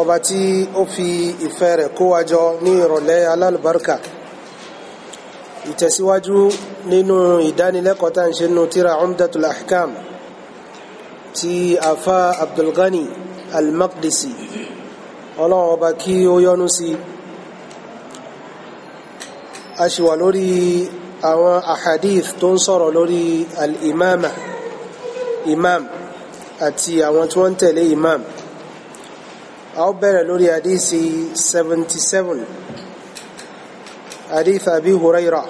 ọba tí ó fi ìfẹ́ rẹ̀ kó wa jọ ní ìrọ̀lẹ́ alálùbáríkà ìtẹ̀síwájú nínú ìdánilẹ́kọ̀ọ́ tá à ń ṣe nínú tíra umdatul ahkam ti afa abdulgani al-maqdisi ọlọ́run ọba kí ó yọ́nú sí a ṣì wà lórí àwọn ahadith tó ń sọ̀rọ̀ lórí al imam àti àwọn tí wọ́n tẹ̀lé imam. imam أو بير لوري حديث 77 حديث أبي هريرة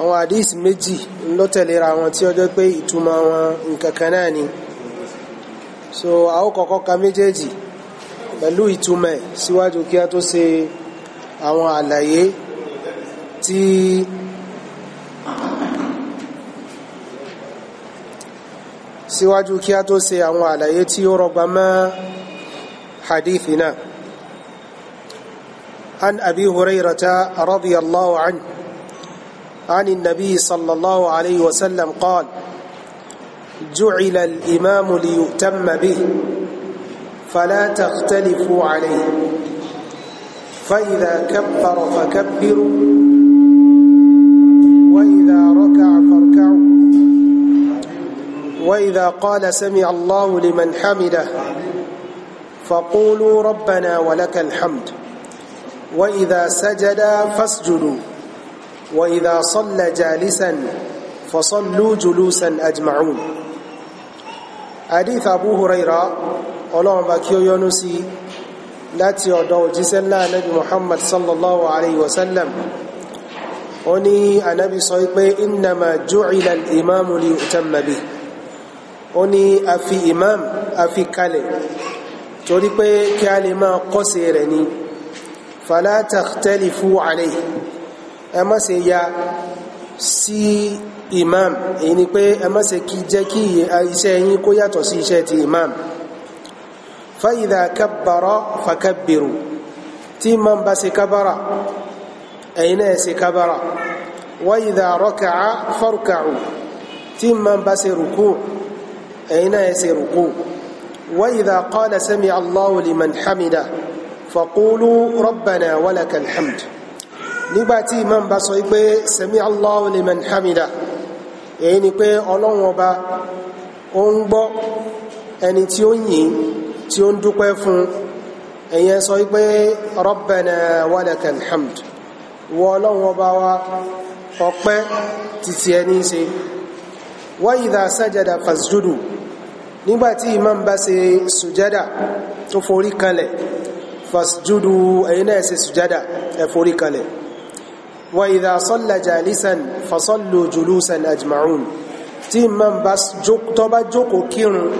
àwọn hadith méjì ló tẹ̀lera wọn tí ó jẹ́ pé ìtumọ̀ wọn nǹkankan náà ni so a ó kọ́kọ́ ka méjèèjì pẹ̀lú ìtumọ̀ síwájú kí a tó ṣe àwọn àlàyé tí síwájú kí a tó ṣe àwọn àlàyé tí ó rọgbà حديثنا عن أبي هريرة رضي الله عنه عن النبي صلى الله عليه وسلم قال جعل الإمام ليؤتم به فلا تختلفوا عليه فإذا كبر فكبروا وإذا ركع فاركعوا وإذا قال سمع الله لمن حمده فقولوا ربنا ولك الحمد وإذا سجد فاسجدوا وإذا صلى جالسا فصلوا جلوسا أجمعون حديث أبو هريرة ọlọ́run bá kí ó yọ́nú sí láti ọ̀dọ̀ òjíṣẹ́ ńlá anábi muhammad sallallahu alayhi wa sallam ó ní anábi sọ pé innama ju'ila al-imamu li yutamma bih ó ní a fi imam a fi kalẹ̀ torí pé kí a lè máa kọ́sẹ̀ rẹ̀ ni fala takhtalifu alayhi ẹ má ṣe ya sí imam èyí ni pé ẹ má ṣe kí jẹ́ kí iṣẹ́ yín kó yàtọ̀ sí iṣẹ́ ti imam fa idha fakabbiru tí imam bá ṣe kábàrà ẹ̀yin náà ṣe kábàrà wa idha raka'a tí imam bá ṣe rùkú ẹ̀yin náà ṣe rùkú وإذا قال سمع الله لمن حمده فقولوا ربنا ولك الحمد nígbàtí imam bá sọ pé sami allahu liman hamida èyí ni pé ọlọ́run ọba ó ń gbọ́ ẹni tí ó yìn tí ó ń dúpẹ́ fún ẹ̀yẹn sọ pé rabbana walakal hamd wọ ọlọ́run ọba wa ọpẹ́ títí ẹni ṣe wa idha sajada fasjudu nígbàtí imam bá ṣe sùjádà tó forí kalẹ̀ fasjudu ẹ̀yin náà ṣe sùjádà ẹ forí kalẹ̀ wa idha salla jalisan fasallu julusan ajma'un tí imam bá tó bá jókòó kírun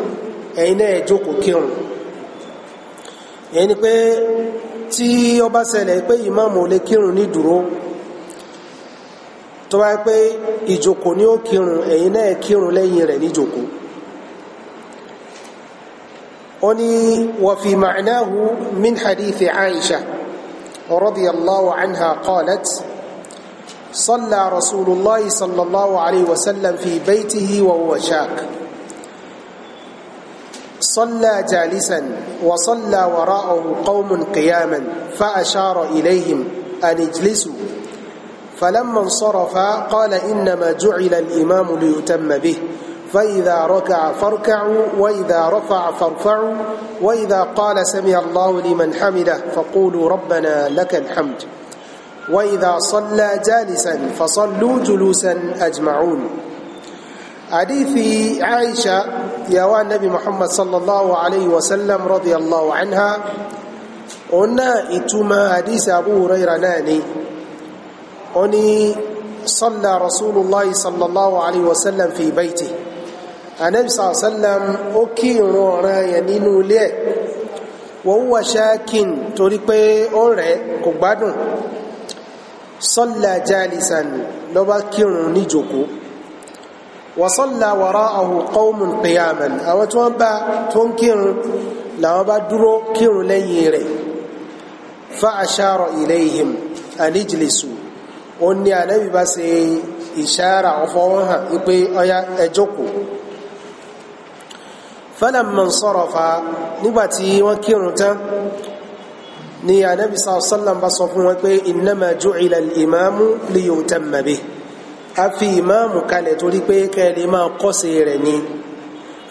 ẹ̀yin náà jókòó kírun ẹni pé tí ó bá ṣẹlẹ̀ pé imam ò lè kírun ní dúró tó pé ìjókòó ni ó kírun ẹ̀yin náà kírun lẹ́yìn rẹ̀ ní jókòó أني وفي معناه من حديث عائشة رضي الله عنها قالت صلى رسول الله صلى الله عليه وسلم في بيته وهو شاك صلى جالسا وصلى وراءه قوم قياما فأشار إليهم أن اجلسوا فلما انصرف قال إنما جعل الإمام ليتم به فإذا ركع فاركعوا وإذا رفع فارفعوا وإذا قال سمع الله لمن حمده فقولوا ربنا لك الحمد وإذا صلى جالسا فصلوا جلوسا أجمعون حديث عائشة يا النبي محمد صلى الله عليه وسلم رضي الله عنها قلنا إتما حديث أبو هريرة ناني أني صلى رسول الله صلى الله عليه وسلم في بيته anabi sallam ó kí ìrun ọ̀ràn yẹn nínú ilé ẹ̀ wọ́n wà ṣáàkìn torí pé ó rẹ̀ kò gbádùn salla jalisan ló bá kírun níjòkó wa salla wara'ahu qawmun qiyaman àwọn tí wọ́n bá tó ń kírun làwọn bá dúró kírun lẹ́yìn rẹ̀ fa ìṣára ọ̀fọ̀ hàn wípé ọya ẹ falamma sarafa nígbàtí wọ́n kírun tán ni ànábì sallam bá sọ fún wọn pé innama ju'ila al-imamu liyutamma bihi a fi ìmáàmù kalẹ̀ torí pé kẹ́lẹ̀ máa kọ́sí rẹ̀ ni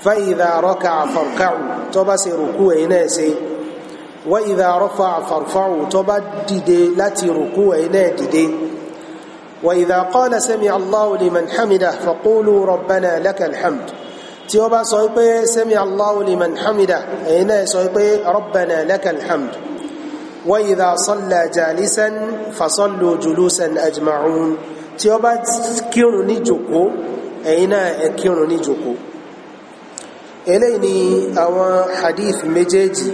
fa idha raka'a farka'u tó bá ṣe tí ó bá sọ pé sami allahu liman hamida èyí náà sọ pé rabbana lakal hamd wa idha salla jalisan fasallu julusan ajma'un tí ó bá kírun ní jòkó èyí náà ẹ kírun ní jòkó eléyìí ni àwọn hadith méjèèjì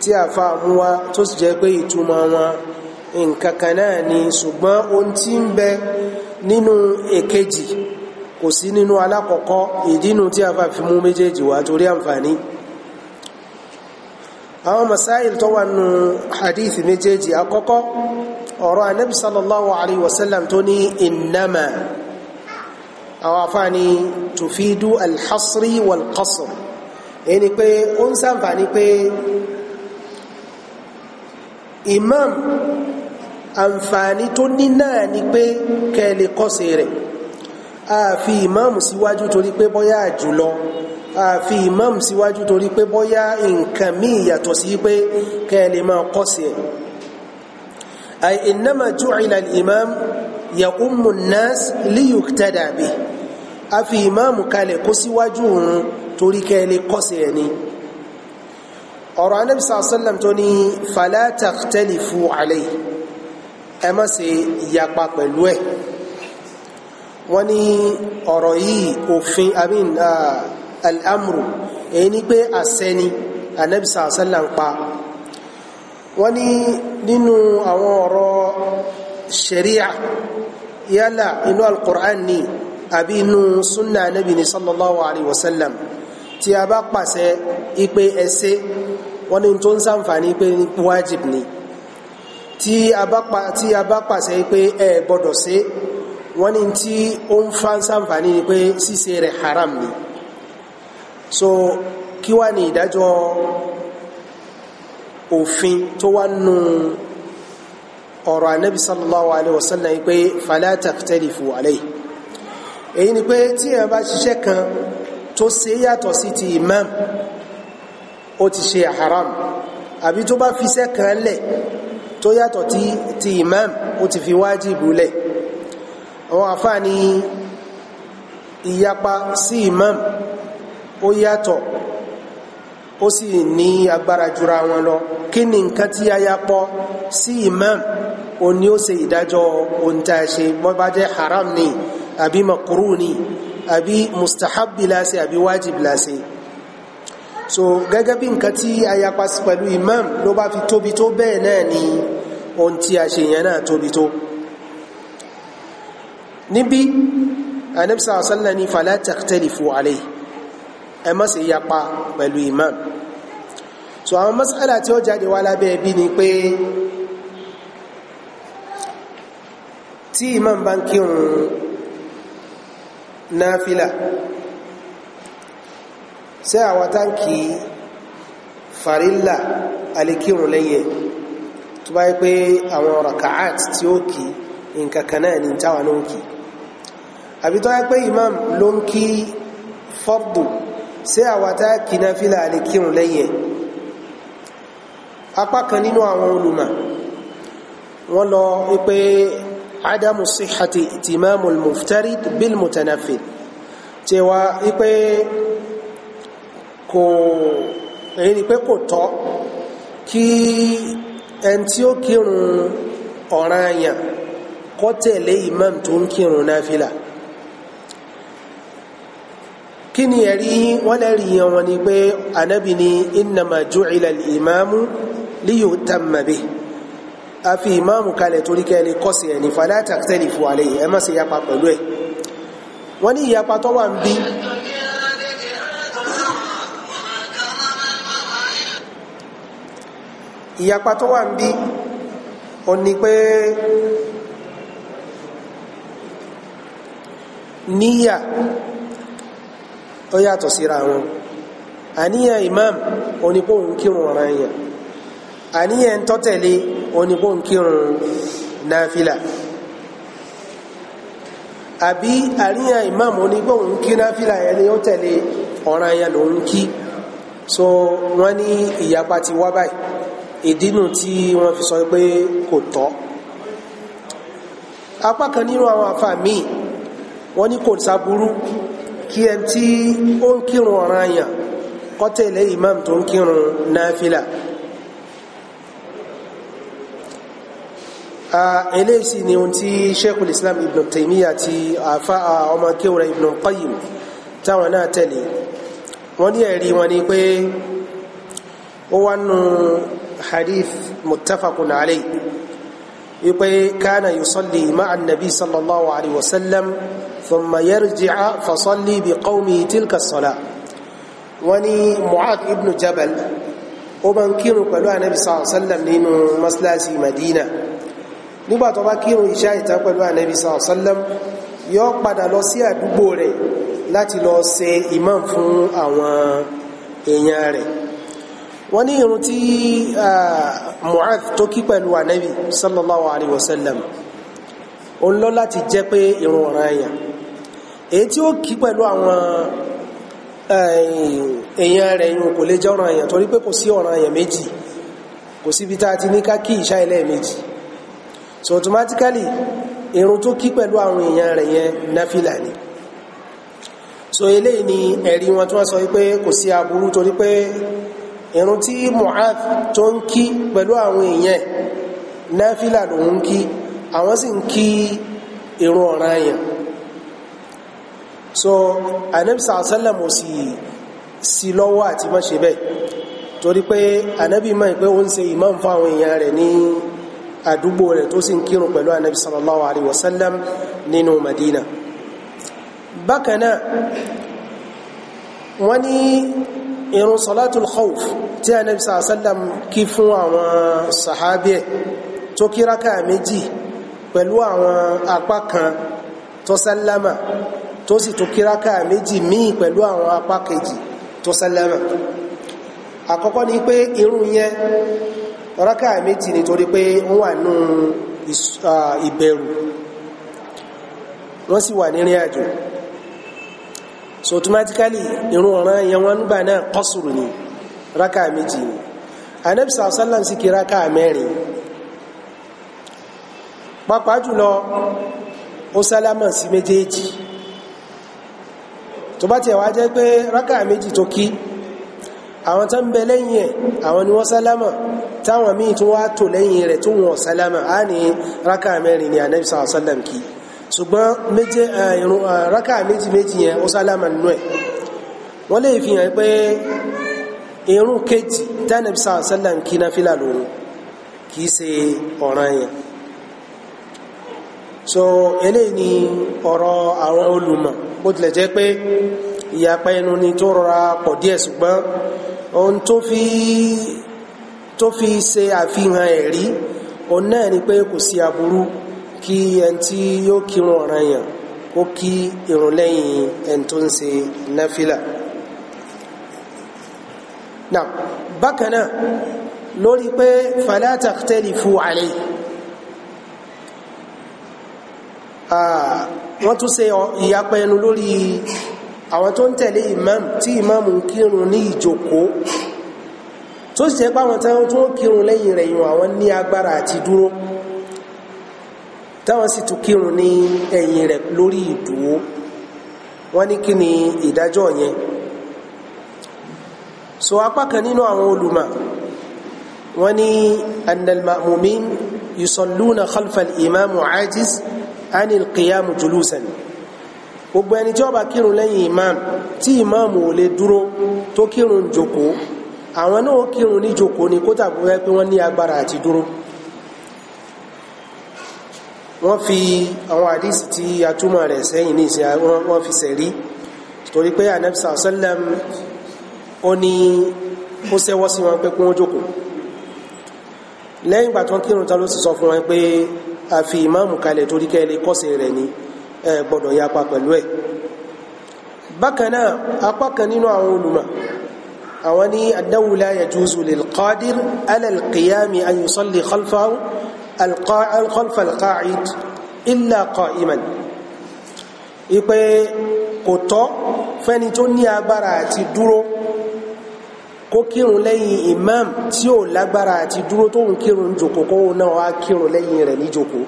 tí a fa mú tó sì jẹ́ pé ìtumọ̀ wọn nǹkan náà ni ṣùgbọ́n ohun tí ń bẹ nínú èkejì kò sí nínú alákọ̀ọ́kọ́ ìdínú tí a bá fi mú méjèèjì wá torí àǹfààní àwọn masáìl tó wà nù hadith méjèèjì àkọ́kọ́ ọ̀rọ̀ anábì sallallahu alaihi wasallam tó ní innama àwọn afáàní tufidu alhassri walqasr ẹni pé ó ń sàǹfààní pé imam àǹfààní tó ní náà ni pé kẹ́ẹ̀lẹ̀ rẹ̀ a fi ìmáàmù síwájú torí pé bóyá àjùlọ a fi ìmáàmù síwájú torí pé bóyá nǹkan míì yàtọ̀ sí pé kẹ́ ẹ lè máa kọ́sì ẹ̀ ay innama ju'ila al-imam ya'ummu an-nas liyuktada bih a fi ìmáàmù kalẹ̀ kó síwájú òun torí kẹ́ ẹ ni ọ̀rọ̀ anábì sàásọ́lẹ̀m tó ní fala takhtalifu alayhi ẹ má ṣe ìyapa pẹ̀lú ẹ̀ wọ́n ní ọ̀rọ̀ yìí òfin abin uh, al'amru èyí ni pé àṣẹni anabisa àṣẹlà ń pa wọ́n ní nínú àwọn ọ̀rọ̀ sharia yálà inú al-Qur'an ni àbí inú sunna anabi ni sallallahu alaihi wasallam tí a bá pàṣẹ ipe ẹsẹ wọ́n ní tó ń ṣàǹfààní pé wájib ni tí a bá pàṣẹ ipe ẹ gbọ́dọ̀ ṣe wọ́n ní tí ó ń fa sáǹfàní ni pé ṣíṣe rẹ̀ haram ni so kí wá ní ìdájọ́ òfin tó wá nù ọ̀rọ̀ anábi sallallahu alaihi wasallam pé fala taktalifu alayhi èyí ni pé tí ẹ bá ṣiṣẹ́ kan tó ṣe yàtọ̀ sí ti imam ó ti ṣe haram àbí tó bá fi kan lẹ̀ tó yàtọ̀ ti imam ó ti fi wájìbù lẹ̀ àwọn àfáà ní ìyapa sí imam ó yàtọ̀ ó sì ní agbára jura wọn lọ kí ni nǹkan tí a yapọ sí imam ó ní ó ṣe ìdájọ́ ohun ṣe bó jẹ́ haram ni àbí makuru ni àbí mustahab bilase àbí wajib bilase so gẹ́gẹ́ bí nǹkan tí a yapa pẹ̀lú imam ló bá fi tóbi tó bẹ́ẹ̀ náà ni ohun tí a ṣe yẹn náà tóbi tó. Bito níbi anabisa asala ni fala takhtalifu alayhi ẹ má ṣe yapa pẹ̀lú imam so àwọn masala tí ó jáde wá lábẹ́ ẹbí ni pé tí imam bá ń kírun náfílà ṣé àwọn táǹkì farilla alikirun lẹ́yìn tó bá pé àwọn rakaat tí ó kì nǹkan náà ní táwọn náà kìí àbí tó yẹ pé imam ló ń kí fọ́bù ṣé àwàtá kìnnà fílà lè kírun lẹ́yìn ẹ̀ apá kan nínú àwọn olùmọ̀ wọ́n lọ wípé adamu sihati itimamu muftari bil mutanafi tí wá wípé kò èyí ni pé kò tọ́ kí ẹni tí ó kírun ọ̀ranyàn kó tẹ̀lé imam tó ń kírun náfìlà. fìlà kí ni ẹ̀rí wọ́n lẹ́rí yẹn wọn ni pé anábì ni innama ju'ila al-imamu liyutamma bihi a fi ìmáàmù kalẹ̀ torí kẹ́lẹ̀ kọ́sì ẹni fala taktalifu alayhi ẹ má ṣe yapa pẹ̀lú ẹ̀ wọ́n ní ìyapa tó wà ń bí níyà tó yàtọ̀ síra wọn àníyàn imam onípò ń kírun ọ̀ràn yẹn àníyàn tó tẹ̀lé onípò ń kírun náfìlà àbí àníyàn imam onípò ń kí náfìlà yẹn ni ó tẹ̀lé ọ̀ràn yẹn ló ń kí so wọ́n ní ìyapa ti wá báyìí ìdínú tí wọ́n fi sọ pé kò tọ́ apá kan nínú àwọn àfàmì wọ́n ní kò sáburú kí ẹ tí ó ń kírun ọ̀ràn àyàn kó tẹ̀lé imam tó ń kírun náfìlà eléyìí sì ni ohun tí sheikhul islam ibn taymiya àti àfa ọmọ kéwòrán ibn qayyim táwọn náà tẹ̀lé wọ́n ní ẹ̀rí wọn ni pé ó wá nù hadith muttafaqun alayhi wípé kana yusalli ma'a nabi sallallahu alayhi wa sallam ثم يرجع فصلي بقومه تلك الصلاة وني معاذ ابن جبل ومن كيرو قالوا النبي صلى الله عليه وسلم لأنه مسلاسي مدينة nígbà tó bá kírun ìṣá ìta pẹ̀lú ànẹ́bí sàọ́sọ́lẹ́m yóò padà lọ sí àdúgbò rẹ̀ láti lọ ṣe imam fún àwọn èèyàn rẹ̀ wọ́n ní irun tí Mu'adh tó kí pẹ̀lú ànẹ́bí sallallahu alaihi wasallam òun lọ láti jẹ́ pé irun ọ̀ranyàn èyí tí ó kí pẹ̀lú àwọn eh, èèyàn rẹ̀ yìí kò lè jẹ́ ọ̀ràn èèyàn torí pé kò sí ọ̀ràn èèyàn méjì kò síbi tá a ti ní ká kí ìṣá ilẹ̀ méjì so automatically irun tó kí pẹ̀lú àwọn èèyàn rẹ̀ yẹn náfìlà ni so eléyìí ni ẹ̀rí wọn tí wọ́n sọ wípé kò sí aburú torí pé irun tí Mu'adh tó ń kí pẹ̀lú àwọn èèyàn náfìlà lòun kí àwọn sì ń kí irun ọ̀ràn èèyàn so anabi sàásẹ́lẹ̀ mo sì sí lọ́wọ́ àti má ṣe bẹ́ẹ̀ torí pé anabi mọ̀ pé ó ń ṣe imam fún àwọn èèyàn rẹ̀ ní àdúgbò rẹ̀ tó sì ń kírun pẹ̀lú anabi sallallahu alayhi wa sallam nínú madina bákan náà wọ́n ní irun salatul khawf tí anabi sàásẹ́lẹ̀ kí fún àwọn sàhábẹ́ tó kí rákà méjì pẹ̀lú àwọn apá kan tó sálámà tó sì tún kíráka méjì míì pẹ̀lú àwọn apá kejì tó sálámà àkọ́kọ́ ni pé irun yẹn ráka méjì nítorí pé wọ́n wà nù ìbẹ̀rù wọ́n sì wà nírìn àjò so automatically irun ọ̀ràn yẹn wọ́n nígbà náà kọ́sùrù ni ráka méjì ni anabisa sallam sì kí ráka mẹ́rin pàápàá jùlọ ó sálámà sí méjèèjì. Si tó bá tiẹ̀ wá jẹ́ pé rákà méjì tó kí àwọn tó ń bẹ lẹ́yìn ẹ̀ àwọn ni wọ́n sálámà táwọn míì tó wá tò lẹ́yìn rẹ̀ tó wọ́n sálámà á ní rákà mẹ́rin ni anabi sàlá sàlám kí ṣùgbọ́n méje irun rákà méjì méjì yẹn ó sálámà nínú ẹ̀ wọ́n lè fi hàn pé irun kejì tánàbí sàlá sàlám kí náfìlà lòun kì í ṣe ọ̀ràn yẹn so eléyìí ni ọ̀rọ̀ àwọn olùmọ̀ bó tilẹ̀ jẹ́ pé ìyapa ẹnu ni tó rọra pọ̀ díẹ̀ ṣùgbọ́n ohun tó fi tó fi ṣe àfihàn ẹ̀rí òun náà ni pé kò sí aburú kí ẹni tí yóò kírun ọ̀ràn yàn kó kí irun lẹ́yìn ẹni tó ń ṣe náfìlà bákan náà lórí pé fala takhtalifu alayhi wọ́n tún ṣe ìyapa ẹnu lórí àwọn tó ń tẹ̀lé imam tí imam ń kírun ní ìjókòó tó sì jẹ́ pé àwọn táwọn tó ń kírun lẹ́yìn rẹ̀ yìí àwọn ní agbára àti dúró táwọn sì tún kírun ní ẹ̀yìn rẹ̀ lórí ìdúró wọ́n ní kí ni ìdájọ́ yẹn so apá kan nínú àwọn olùmọ̀ wọ́n ní annal ma'mumin khalfal imam ajiz anil qiyamu julusan gbogbo ẹni tí ó bá kírun lẹ́yìn imam tí imam ò lè dúró tó kírun jòkó àwọn náà kírun ní jòkó ni kó tàbí wẹ́ pé wọ́n ní agbára àti dúró wọ́n fi àwọn àdísì tí a túmọ̀ rẹ̀ sẹ́yìn ní ìsìn wọ́n fi sẹ̀rí torí pé anabisa ọ̀sẹ́lẹ̀m ó ní ó sẹ́wọ́ sí wọn pé kí wọ́n jòkó lẹ́yìn ìgbà tó kírun ta ló sì sọ fún wọn pé a fi ìmáàmù kalẹ̀ torí kẹ́ lè kọ́sẹ̀ rẹ̀ ni ẹ gbọ́dọ̀ yapa pẹ̀lú ẹ̀ bákan náà apá kan nínú àwọn olùmọ̀ àwọn ní annahu la yajuzu lil qadir ala al kó kírun lẹ́yìn imam tí ò lágbára àti dúró tó ń kírun jòkó kó náà wá kírun lẹ́yìn rẹ̀ ní jòkó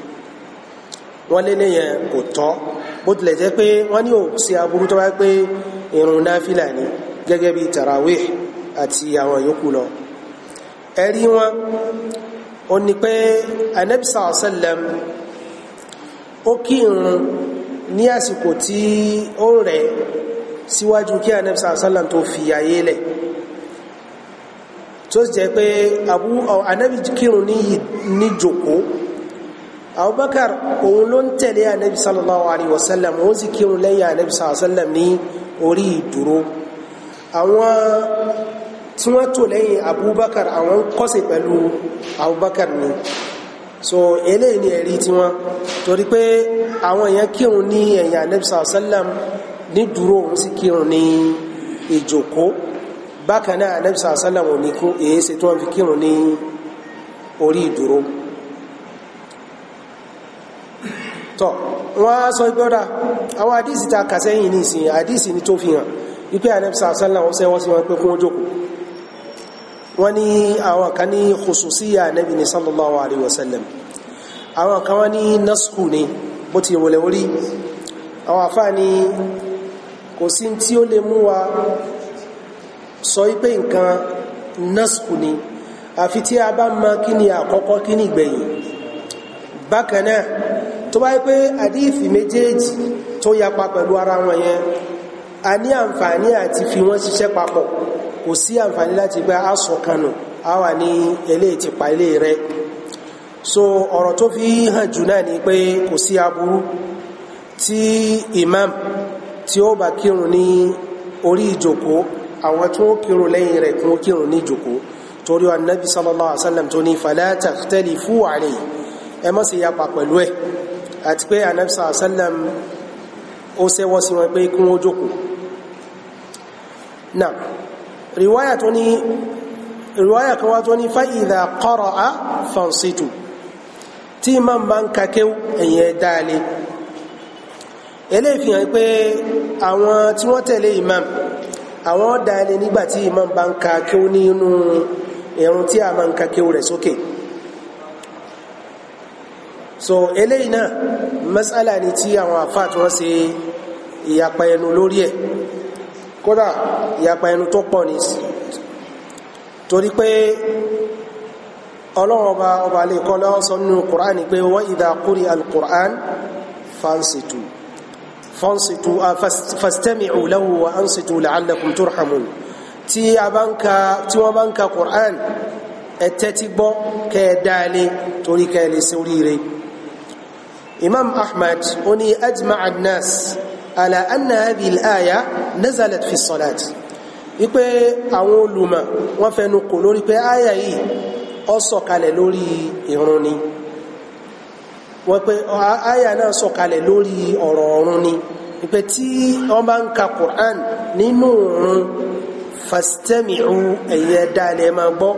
wọ́n lé léyìn kò tọ́ bó tilẹ̀ jẹ́ pé wọ́n ní òsì aburú tó wá pé irun náfìlà ni gẹ́gẹ́ bí tarawih àti àwọn yòókù lọ ẹ̀rí wọn ó ní pé anabi sàlẹ̀m ó kí irun ní àsìkò tí ó rẹ̀ síwájú kí anabi sàlẹ̀m tó fi ayé lẹ̀ tó jẹ́ pé abu anabi kírun ní jòkó abubakar òun ló ń tẹ̀lé anabi sallallahu alayhi wa sallam òun sì kírun lẹ́yìn anabi sallallahu alayhi wa sallam ní orí ìdúró àwọn tí wọ́n tò lẹ́yìn abubakar àwọn kọ́sì pẹ̀lú abubakar ni so eléyìí ni ẹ̀rí tiwọn torí pé àwọn èèyàn kírun ní ẹ̀yìn anabi sallallahu alayhi wa sallam ní dúró òun sì kírun ní ìjòkó. E bákan náà anabi sàlám ò ní kó èyí ṣe tí wọ́n fi kírun ní orí ìdúró tọ́ wọ́n á sọ gbọ́dá àwọn àdísì ta kà sẹ́yìn ní ìsìn àdísì ni tó fi hàn wípé anabi sàlám ọ̀sẹ̀ wọ́n sì wọ́n pé kún ó jókòó wọ́n ní àwọn kan ní khususiyya anabi ní sallallahu alayhi wa sallam àwọn ní nasku ni bó ti wọlé orí àwọn àfáà ni kò sọ pé nǹkan nọ́ọ̀sì ni àfi tí a bá mọ kí ni àkọ́kọ́ kí ni ìgbẹ̀yìn bákan náà tó bá yẹ pé àdífì méjèèjì tó yapa pẹ̀lú ara wọn yẹn a ní àǹfààní àti fi wọ́n ṣiṣẹ́ papọ̀ kò sí àǹfààní láti gba aṣọ a wà ní eléyìí ti ilé rẹ so ọ̀rọ̀ tó fi hàn jù náà ni pé kò sí aburú tí imam tí ó bá kírun ní orí ìjòkó àwọn tó kírun lẹ́yìn rẹ̀ kún kírun ní jòkó torí annabi sallallahu alaihi wasallam tó ní fala takhtalifu alayhi ẹ má ṣe yapa pẹ̀lú ẹ̀ àti pé annabi sallallahu alaihi wasallam ó sẹ́wọ́ sí wọn pé kún ó jòkó àwọn ọ̀dà ẹni nígbà tí imam bá ń ka kí ó ní inú ẹ̀rùn tí a máa ń ka kí ó rẹ̀ sókè so eléyìí náà mas'ala ni tí àwọn àfáà tí wọ́n ṣe ìyapa ẹnu lórí ẹ̀ kódà ìyapa ẹnu tó pọ̀ ní torí pé ọlọ́run ọba ọba lè kọ́ lọ́wọ́ nínú Qur'an pé wa idha quri'a al-Qur'an fansitu فانصتوا فاستمعوا له وانصتوا لعلكم ترحمون tí a bá ń ka tí wọ́n bá ń ka Qur'an ẹ tẹ́tí gbọ́ kẹ́ ẹ dáálé torí kẹ́ ẹ lè ṣe oríire Imam Ahmad ó ní ajma'a an ala anna hadhihi al nazalat fi salat wípé àwọn olùmọ̀ wọ́n fẹnu kò lórí pé àyà yìí ó sọ̀kalẹ̀ lórí ìrun ni wọ́n pé àyà náà sọ̀kalẹ̀ lórí ọ̀rọ̀ ọ̀run ni pé tí wọ́n bá ń ka Qur'an nínú òun fastami'u ẹ̀yẹ dáalẹ̀ máa gbọ́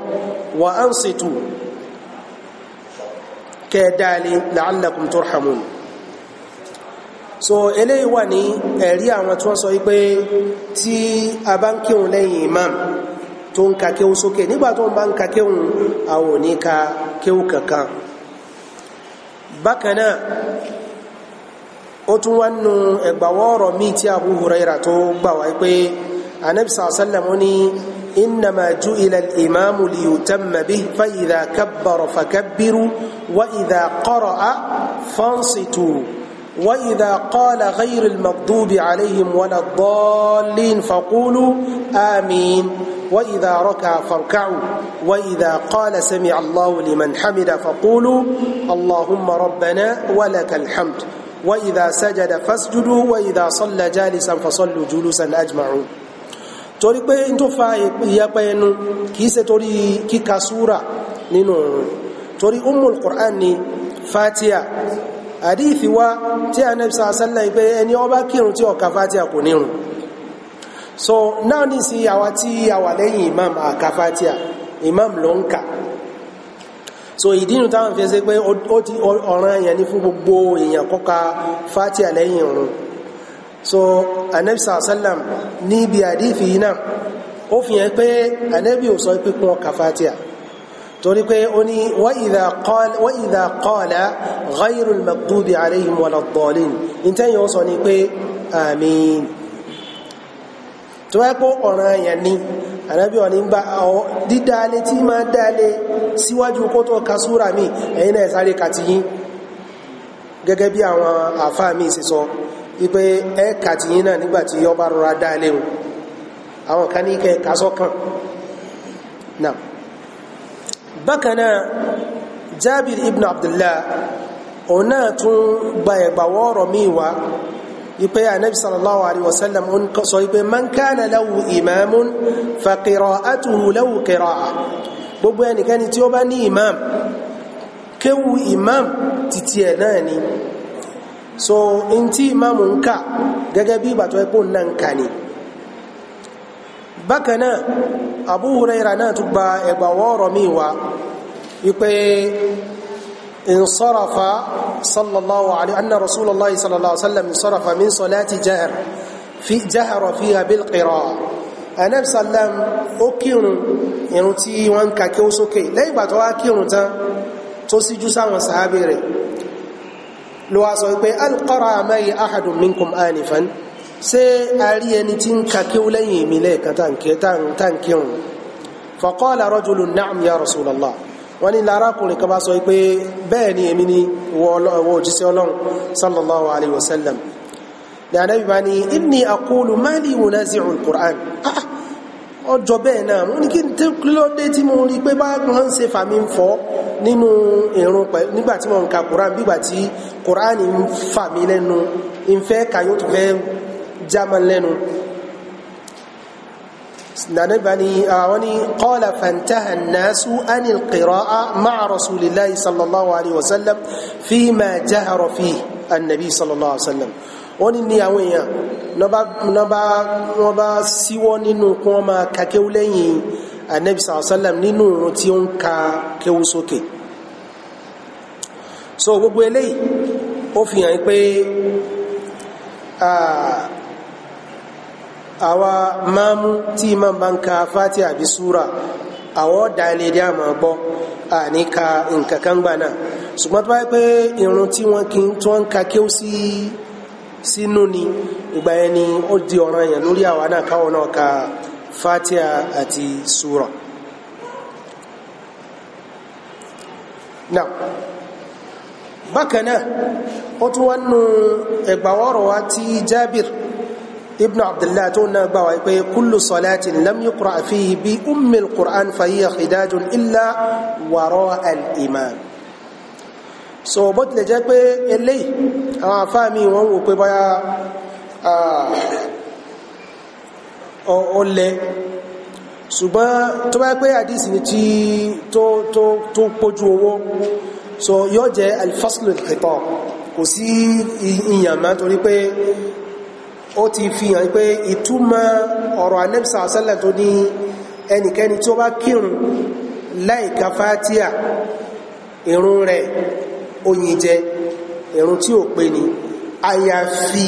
wa ansitu kẹ́ dáalẹ̀ la'allakum turhamun so eléyìí wà ní ẹ̀rí àwọn tí wọ́n sọ wípé tí a bá ń kírun lẹ́yìn imam tó ń ka kéhùn sókè nígbà tó ń bá ń ka kéhùn àwọn ò ní ka kéhùn kankan bákanáà ó tún wá nù ẹgbàwọ́ọ̀rọ̀ míì tí Abu Huraira tó gbà wá pé anabisa sallam ní innama ju'ila al-imamu liyutamma bihi fa idha kabbara fakabbiru wa idha qara'a fansitu وإذا قال غير المغضوب عليهم ولا الضالين فقولوا آمين وإذا ركع فاركعوا وإذا قال سمع الله لمن حمد فقولوا اللهم ربنا ولك الحمد وإذا سجد فاسجدوا وإذا صلى جالسا فصلوا جلوسا أجمعون torí pé n tó fa ìyapa ẹnu kìí ṣe torí kíka súra nínú òun torí umul qur'an ni fatia àdífi tí a nẹ́bí sàásánlá ìpé ẹni ó kírun tí ó fatia kò nírun so now ní sí àwa tí a wà lẹ́yìn imam àkàfàtíà imam ló ń kà so ìdínú táwọn fi ṣe pé ó ti ọ̀ràn èèyàn ní fún gbogbo èèyàn kọ́ka fatia lẹ́yìn òun so anabi sallam níbi àdífì náà ó fi hàn pé anabi ò sọ pé kún ọkà fatia torí pé ó ní wa idha qala ghayrul maghdubi alayhim waladdallin ìtẹ́yìn ó sọ ní pé àmín tó wáyé pé ọ̀ràn àyàn ni ànábì ọ̀ ọ gba ọ̀ dídáalé tí máa dáalé síwájú kó mi ẹ̀yin náà sáré ka gẹ́gẹ́ bí àwọn mi ṣe sọ ẹ ka náà nígbà tí ọba rọra dáalé o àwọn kan ní kẹ bákan náà Jabir ibn Abdullah òun náà tún gba ọ̀rọ̀ wa. ipe anabi sallallahu alayhi wa sallam ń sọ ipe man kana lahu imamun fa qira'atuhu lahu qira'a gbogbo ẹnikẹ́ni tí ó bá ní imam kéwù imam títí ẹ̀ náà ni so ntí imam ń kà gẹ́gẹ́ bí ìgbà tó ẹkùn náà ń kà ni bákan náà Abu Hurairah náà tún gba ẹgbàwọ́ mi wá ipe انصرف صلى الله عليه أن رسول الله صلى الله عليه وسلم انصرف من صلاة جهر في جهر فيها بالقراءة أنا بسلم أكيون ينوتي وانكا كيوسوكي لا يبطوا أكيون تا توسيجو ساوان صحابي ري ló wá sọ pé alqara máyì منكم minkum anifan ṣé a rí ẹni tí ń ka kí ó lẹ́yìn èmi lẹ́ẹ̀kan táǹkì táǹkì ọ̀hún faqala rajulun na'am wọ́n ní lárákùnrin kan bá sọ pé bẹ́ẹ̀ ni èmi ni wọ òjíṣẹ́ ọlọ́run sallallahu alayhi wa sallam ní anábì bá ní inni aqulu mali yunazi'u al-Qur'an ọjọ́ ah, ah, bẹ́ẹ̀ náà mo ní kí n tẹ́ lóde tí mo rí pé bá wọ́n ń ṣe fàmí ń fọ́ nínú ìrun nígbà tí mo ń ka Qur'an bígbà tí Qur'an ń fà mí lẹ́nu ń fẹ́ kàyó tó نبني أعوني قال فانتهى الناس عن القراءة مع رسول الله صلى الله عليه وسلم فيما جهر فيه النبي صلى الله عليه وسلم wọ́n ní ní àwọn èèyàn wọ́n bá síwọ́ nínú kí wọ́n máa ka kéwú lẹ́yìn anabi sallallahu alayhi nínú òun tí ó ń ka kéwú sókè so gbogbo eléyìí ó fi hàn pé uh, àwa máàmú tí imam bá ń ka fati àbí súra àwọn ọ̀dàlẹ̀ dí àmọ́ gbọ́ àní ka nǹkan kan gbà náà ṣùgbọ́n tó bá pé irun tí wọ́n kí tí ń ka kí ó sí sínú ni ìgbà yẹn ni ó di ọ̀ràn yẹn lórí àwa náà káwọn náà ka fatia àti súra. náà bákan náà ó tún wá nù ẹ̀gbà wa ti Jábìr ibn abdullah tó náà gbà wá pé kullu salatin lam yuqra fihi bi ummi al-qur'an fahiya khidajun illa wara so bó tilẹ̀ jẹ́ pé eléyìí àwọn àfáà mi wọ́n wò pé báyà ọlẹ ṣùgbọ́n tó bá pé àdísì ni tí tó pójú owó so yóò jẹ́ alifaslu al-khitab kò sí ìyàmá torí pé ó ti fi hàn pé ìtumọ̀ ọ̀rọ̀ anẹ́bísà ọ̀sẹ́lẹ̀ tó ní ẹnikẹ́ni tí ó bá kírun láìka fátíà ìrun rẹ̀ oyin jẹ ìrun tí ò pé ni àyàfi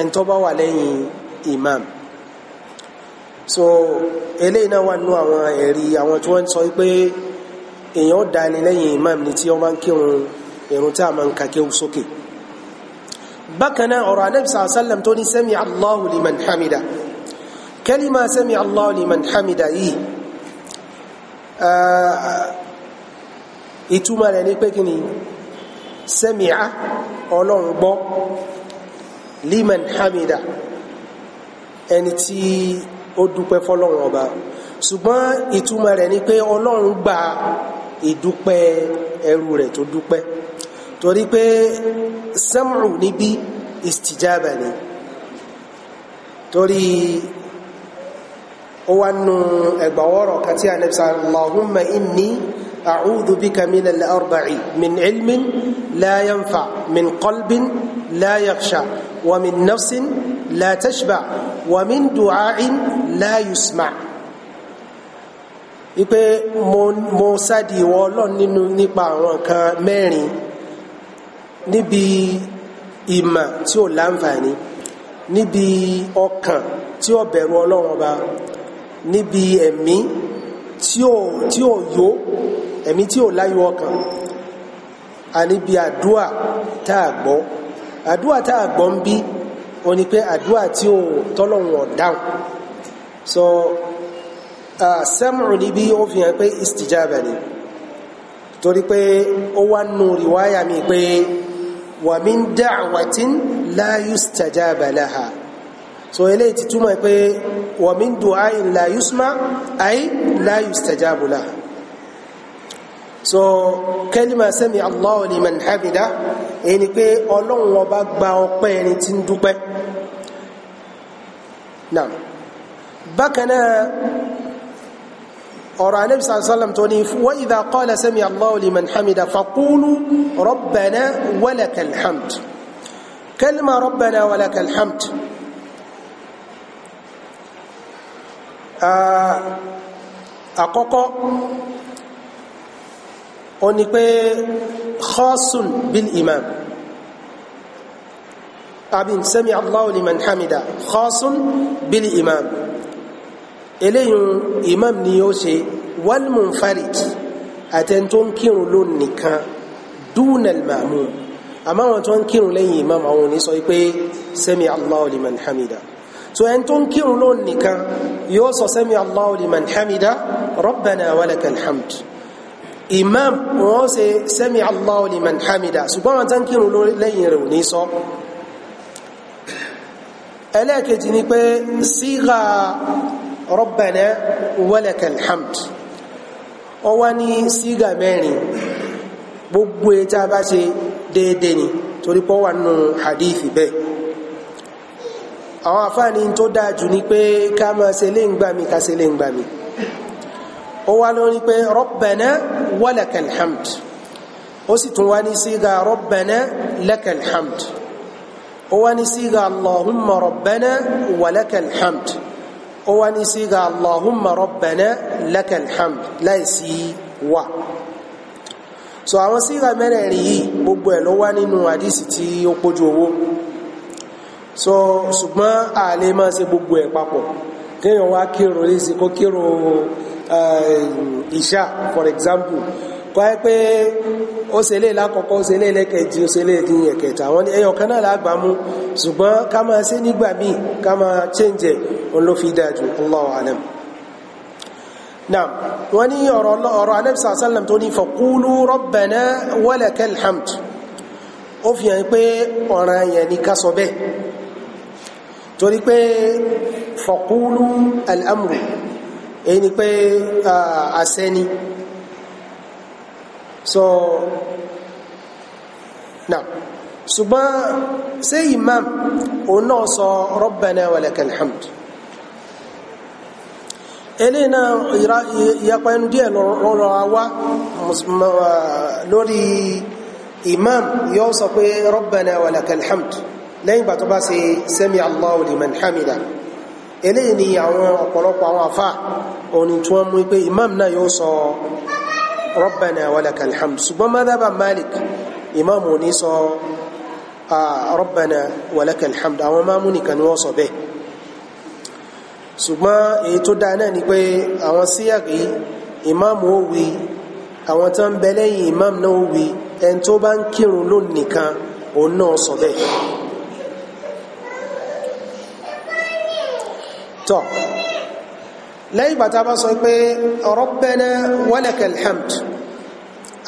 ẹni wà lẹ́yìn imam so eléyìí náà wà nínú àwọn ẹ̀rí àwọn tí wọ́n sọ pé èèyàn ó lẹ́yìn imam ni tí wọ́n bá ń kírun ìrun tí a máa ń ka sókè. So, bákan náà ọ̀rọ̀ anabi sàlá sàlám tó ní sami allahu liman hamida kẹ́límà sami allahu liman hamida yìí uh, ìtumọ̀ rẹ̀ ní pé kí ni sẹ́mìá ọlọ́run gbọ́ liman hamida ẹni tí ó dúpẹ́ fọ́lọ́run ọba ṣùgbọ́n ìtumọ̀ rẹ̀ ni pé ọlọ́run gba ìdúpẹ́ ẹrú rẹ̀ tó dúpẹ́ torí pé sam'u níbi istijaba ni torí ó wá nu ẹgbàwọ́rọ̀ kàtí ànẹ́bísà allahumma inni أعوذ بك من الأربع من علم لا ينفع من قلب لا يخشى ومن نفس لا تشبع ومن دعاء لا يسمع ipe mo sáàdì ìwọ ọlọ́run níbi ìmà tí ó láǹfààní níbi ọkàn tí ó bẹ̀rù ọlọ́run ọba níbi ẹ̀mí tí ó tí ó yó ẹ̀mí tí ó láyọ̀ ọkàn àníbi àdúà tá a gbọ́ àdúà tá a gbọ́ ń bí o ní pé àdúà tí ó tọ́lọ́run ọ̀dáhùn so sẹ́mùrù níbi ó fi hàn pé istijaba ni torí pé ó wá nù rìwáyà mi pé wa min da'watin la yustajaba laha so eléyìí ti túmọ̀ pé wa min du'ain la yusma ay la yustajabu laha so kẹ́límà sami Allahu liman hamida èyí ni pé ọlọ́run ọba gba ọpẹ́ ẹni tí ń dúpẹ́ náà bákan ọ̀rọ̀ anabi sallam tó ní wa idha qala sami allahu liman hamida faqulu rabbana walakal hamd kalima rabbana walakal hamd àkọ́kọ́ ó ní pé khasun bil imam abin sami allahu liman hamida khasun bil imam eléyìn imam ni yóò ṣe walmunfarid àtẹ̀ntó ń kírun ló nìkan dúnàl màmú àmọ́ àwọn tó ń kírun lẹ́yìn imam àwọn òní sọ pé sẹ́mi allahu liman hamida so ẹni tó ń kírun ló nìkan yóò sọ sẹ́mi allahu liman hamida rabbana walakal hamd imam wọ́n ṣe sẹ́mi allahu liman ṣùgbọ́n àwọn tó ń kírun lẹ́yìn rẹ̀ òní sọ ẹlẹ́ẹ̀kejì ni pé síga rabbana walakal hamd ó wá ní sígà mẹ́rin gbogbo ẹ̀ tá a bá ṣe déédéé ni torí pọ́ wà nù hadithi bẹ́ẹ̀ àwọn àfáàní tó dáa jù ní pé ká máa ṣe lé ń gbà mí ká ṣe ń gbà ó wá lórí pé rabbana walakal ó sì tún wá ní sígà rabbana lakal ó wá ní sígà allahumma rabbana walakal ó wá ní síga allahumma rabbana lakal hamd láìsí wà so àwọn síga mẹ́rẹ̀ẹ̀rin yìí gbogbo ẹ̀ ló wá nínú àdísì tí ó pójú owó so ṣùgbọ́n àlè máa ṣe gbogbo ẹ̀ papọ̀ kéèyàn wá kírun léṣe kó kírun eh, ìṣà for example kọ́ ẹ pé ó ṣe lé lákọ̀ọ́kọ́ ó ṣe lé lẹ́kẹ̀ẹ́jì ó ṣe lé ní ẹ̀kẹta àwọn ẹyọ̀kan náà lágbàmú ṣùgbọ́n ká máa ṣe nígbà míì ká máa change òun ló fi dáa jù Allahu alam naam wọ́n ní ọ̀rọ̀ ọ̀rọ̀ anabisa sallam tó ní faqulu rabbana walakal hamd ó fi hàn pé ọ̀ràn yẹn ni ká sọ bẹ́ẹ̀ torí pé faqulu al èyí ni pé àṣẹ so naam ṣùgbọ́n ṣé imam òun náà sọ rabbana walakal hamd eléyìí náà ìyapa ẹnu díẹ̀ lọ́rọ̀ àwa lórí imam yóò sọ pé rabbana walakal hamd lẹ́yìn ìgbà tó bá ṣe sami Allahu liman hamida eléyìí ni àwọn ọ̀pọ̀lọpọ̀ àwọn àfà òní tí wọ́n mú pé imam náà yóò sọ rabbana walakal hamd ṣùgbọ́n madhaba malik imam ò ní sọ rabbana walakal hamd àwọn máa mú nìkan ni wọ́n sọ bẹ́ẹ̀ ṣùgbọ́n èyí tó dáa náà ni pé àwọn síyàkì ìmáàmù ó wí àwọn tó ń bẹ lẹ́yìn ìmáàmù náà ó wí ẹni tó bá ń kírun ló nìkan òun náà sọ bẹ́ẹ̀. tọ́ lẹ́yìn ìgbà tá a bá sọ pé rabbana walakal hamd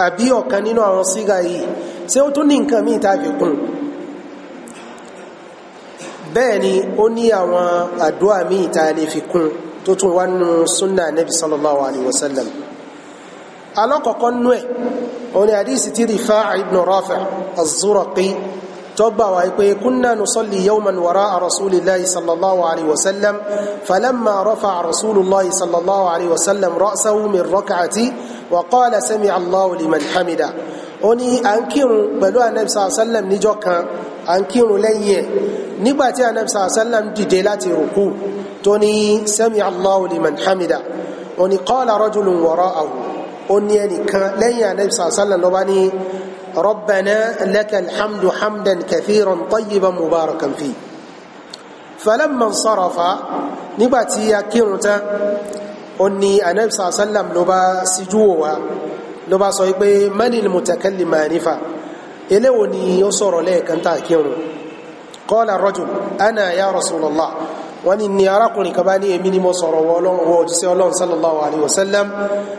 àbí ọ̀kan nínú àwọn síga yìí tí ó tún ní nǹkan míì tá a fi kún un bẹ́ẹ̀ ni ó ní àwọn àdúrà míì tá a lè fi kún tó tún wá nínú sunna nabi sallallahu alayhi wa sallam alákọ̀ọ́kọ́ nú ẹ̀ òun ni àdísì tí Rifa'a ibn Rafi' az-Zuraqi tọ́gbà wà pé kunna nusalli yawman wara'a rasulillahi sallallahu alayhi wa sallam falamma rafa'a rasulullahi sallallahu alayhi wa sallam ra'sahu min rak'ati wa qala sami'a Allahu liman hamida ó ní à ń kírun pẹ̀lú anabi sallallahu alayhi wa sallam kan à ń kírun lẹ́yìn ẹ̀ nígbàtí anabi sàlám dìde láti rùkú tó ní sami allahu liman hamida ó ní qala rajulun wara'ahu ó ní ẹnìkan lẹ́yìn anabi sàlám lọ́ba ní rabbana lakal hamdu hamdan kathiran tayyiban mubarakan fi falamma sarafa nígbàtí a kírun tán ó ní anabi sàlám lọ́ba síjú wa lọ́ba sọ pé manil mutakallimani fa eléwo ni ó sọ̀rọ̀ lẹ́ẹ̀kan tá a kírun qala rajul ana ya rasulallah wọ́n ní ní arákùnrin kan bá ní èmi ni mo sọ̀rọ̀ wọ òjíṣẹ́ ọlọ́run sallallahu alayhi wa sallam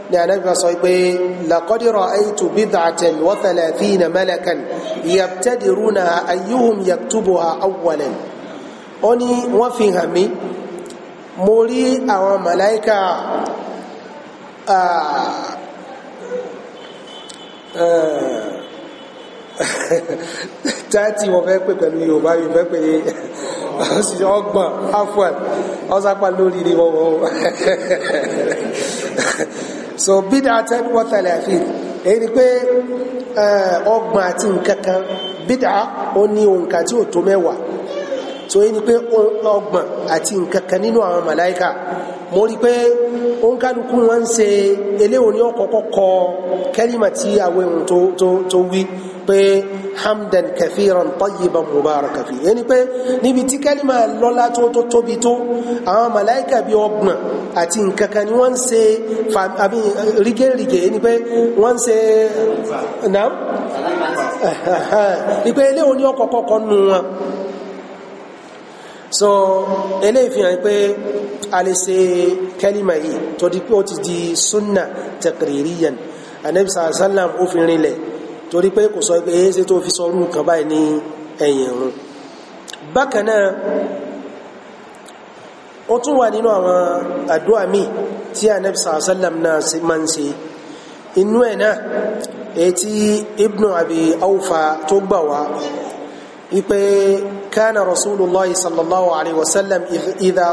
ní anábì bá sọ pé laqad ra'aytu bid'atan wa thalathina malakan yabtadiruna ayyuhum yaktubuha awwalan wọ́n fi hàn mí mo rí àwọn màláíkà uh, uh, tààtì wọn fẹ́ pè pẹ̀lú yorùbá yóò fẹ́ pè é ọgbọ̀n afuel ọ̀sápá lórí ni wọ́n wọ́n so bídà ten wọ́tàlẹ̀ àfi èyí pé ọgbọ̀n àti nǹkan kan bídà ó ní òǹkà tí ò tó mẹ́wàá so èyí ni pé ọgbọ̀n àti nǹkan kan nínú àwọn màláìka mo rí pé òǹkàlùkù wọn ń ṣe eléwo ní ọkọ̀ọ̀kọ̀ kọ kẹ́límà tí àwọn èèyàn tó wí pé hamdan kathiran tayyiban mubarakan fi ẹni pé níbi tí kálímà lọ́lá tó tó tóbi tó àwọn màláìkà bí ọgbọ̀n àti nkankan ni wọ́n ń ṣe àbí rígérígé ẹni pé wọ́n ń ṣe naam ìpè ilé òní ọkọ̀kọ̀kọ̀ nù wọn so eléyìí fi pé a lè ṣe kẹ́límà yìí tó di pé ó ti di sunna taqririyan anabi sallallahu ó fi rinlẹ̀ torí pé kò sọ pé èéṣe tó fi sọrú nǹkan báyìí ní ẹ̀yìn ìrun bákan náà ó tún wà nínú àwọn àdúrà míì tí anabi sàásálàm náà máa ń ṣe inú ẹ̀ náà èyí tí ibnu abi awfa tó gbà wá wípé kánà rasulullah sallallahu alayhi wa sallam idha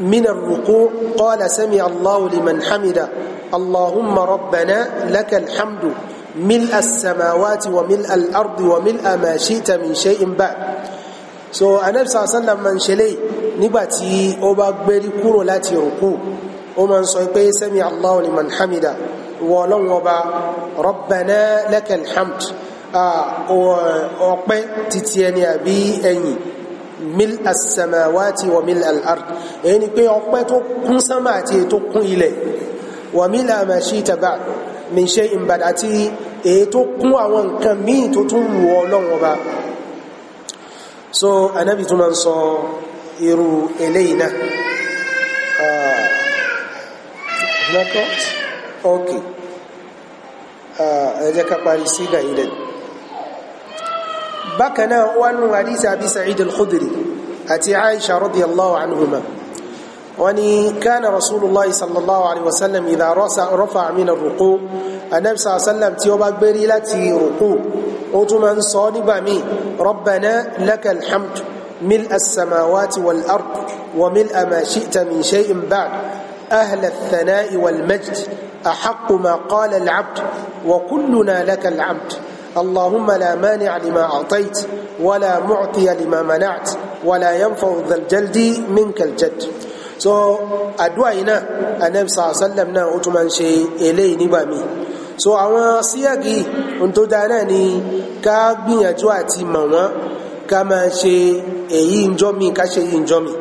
من الركوع قال سمع الله لمن حمده اللهم ربنا لك الحمد ملء السماوات وملء الأرض وملء ما شئت من شيء بعد so anabi sàlá sàlá máa ń ṣẹlẹ̀ nígbàtí ó bá gbérí kúrò láti rùkú ó máa ń sọ pé sami allahu liman hamida wọ ọlọ́run ọba rabbana lakal hamd ọpẹ́ títí ẹni àbí ẹ̀yìn mil as-samawati wa mil al-ard èyí ni pé ọpẹ́ tó kún sánmà àti èyí tó kún ilẹ̀ wa mil ma shi'ta ba'd min shay'in ba'd àti èyí kún àwọn nǹkan míì tó tún wù ọ Ọlọ́run Ọba so anábì tún máa ń sọ irú eléyìí náà ah, ok ah, ẹ jẹ́ ká parí sígà yìí lẹ́nu بكنا وان وليس ابي سعيد الخدري اتي عائشه رضي الله عنهما واني كان رسول الله صلى الله عليه وسلم اذا رفع من الركوع النبي صلى الله عليه وسلم تيوبا بري لاتي ركوع وتم صلي بامي ربنا لك الحمد ملء السماوات والارض وملء ما شئت من شيء بعد اهل الثناء والمجد احق ما قال العبد وكلنا لك العبد اللهم لا مانع لما أعطيت ولا معطي لما منعت ولا ينفع ذا الجلد منك الجد so àdúrà yìí náà anabi sàlá sàlám náà ó tún máa ń ṣe eléyìí so àwọn síyàgì ohun tó dáa náà ni ká gbìyànjú àti mọ̀ wọ́n ká máa ṣe èyí ìjọ mi ká ṣe èyí ìjọ mi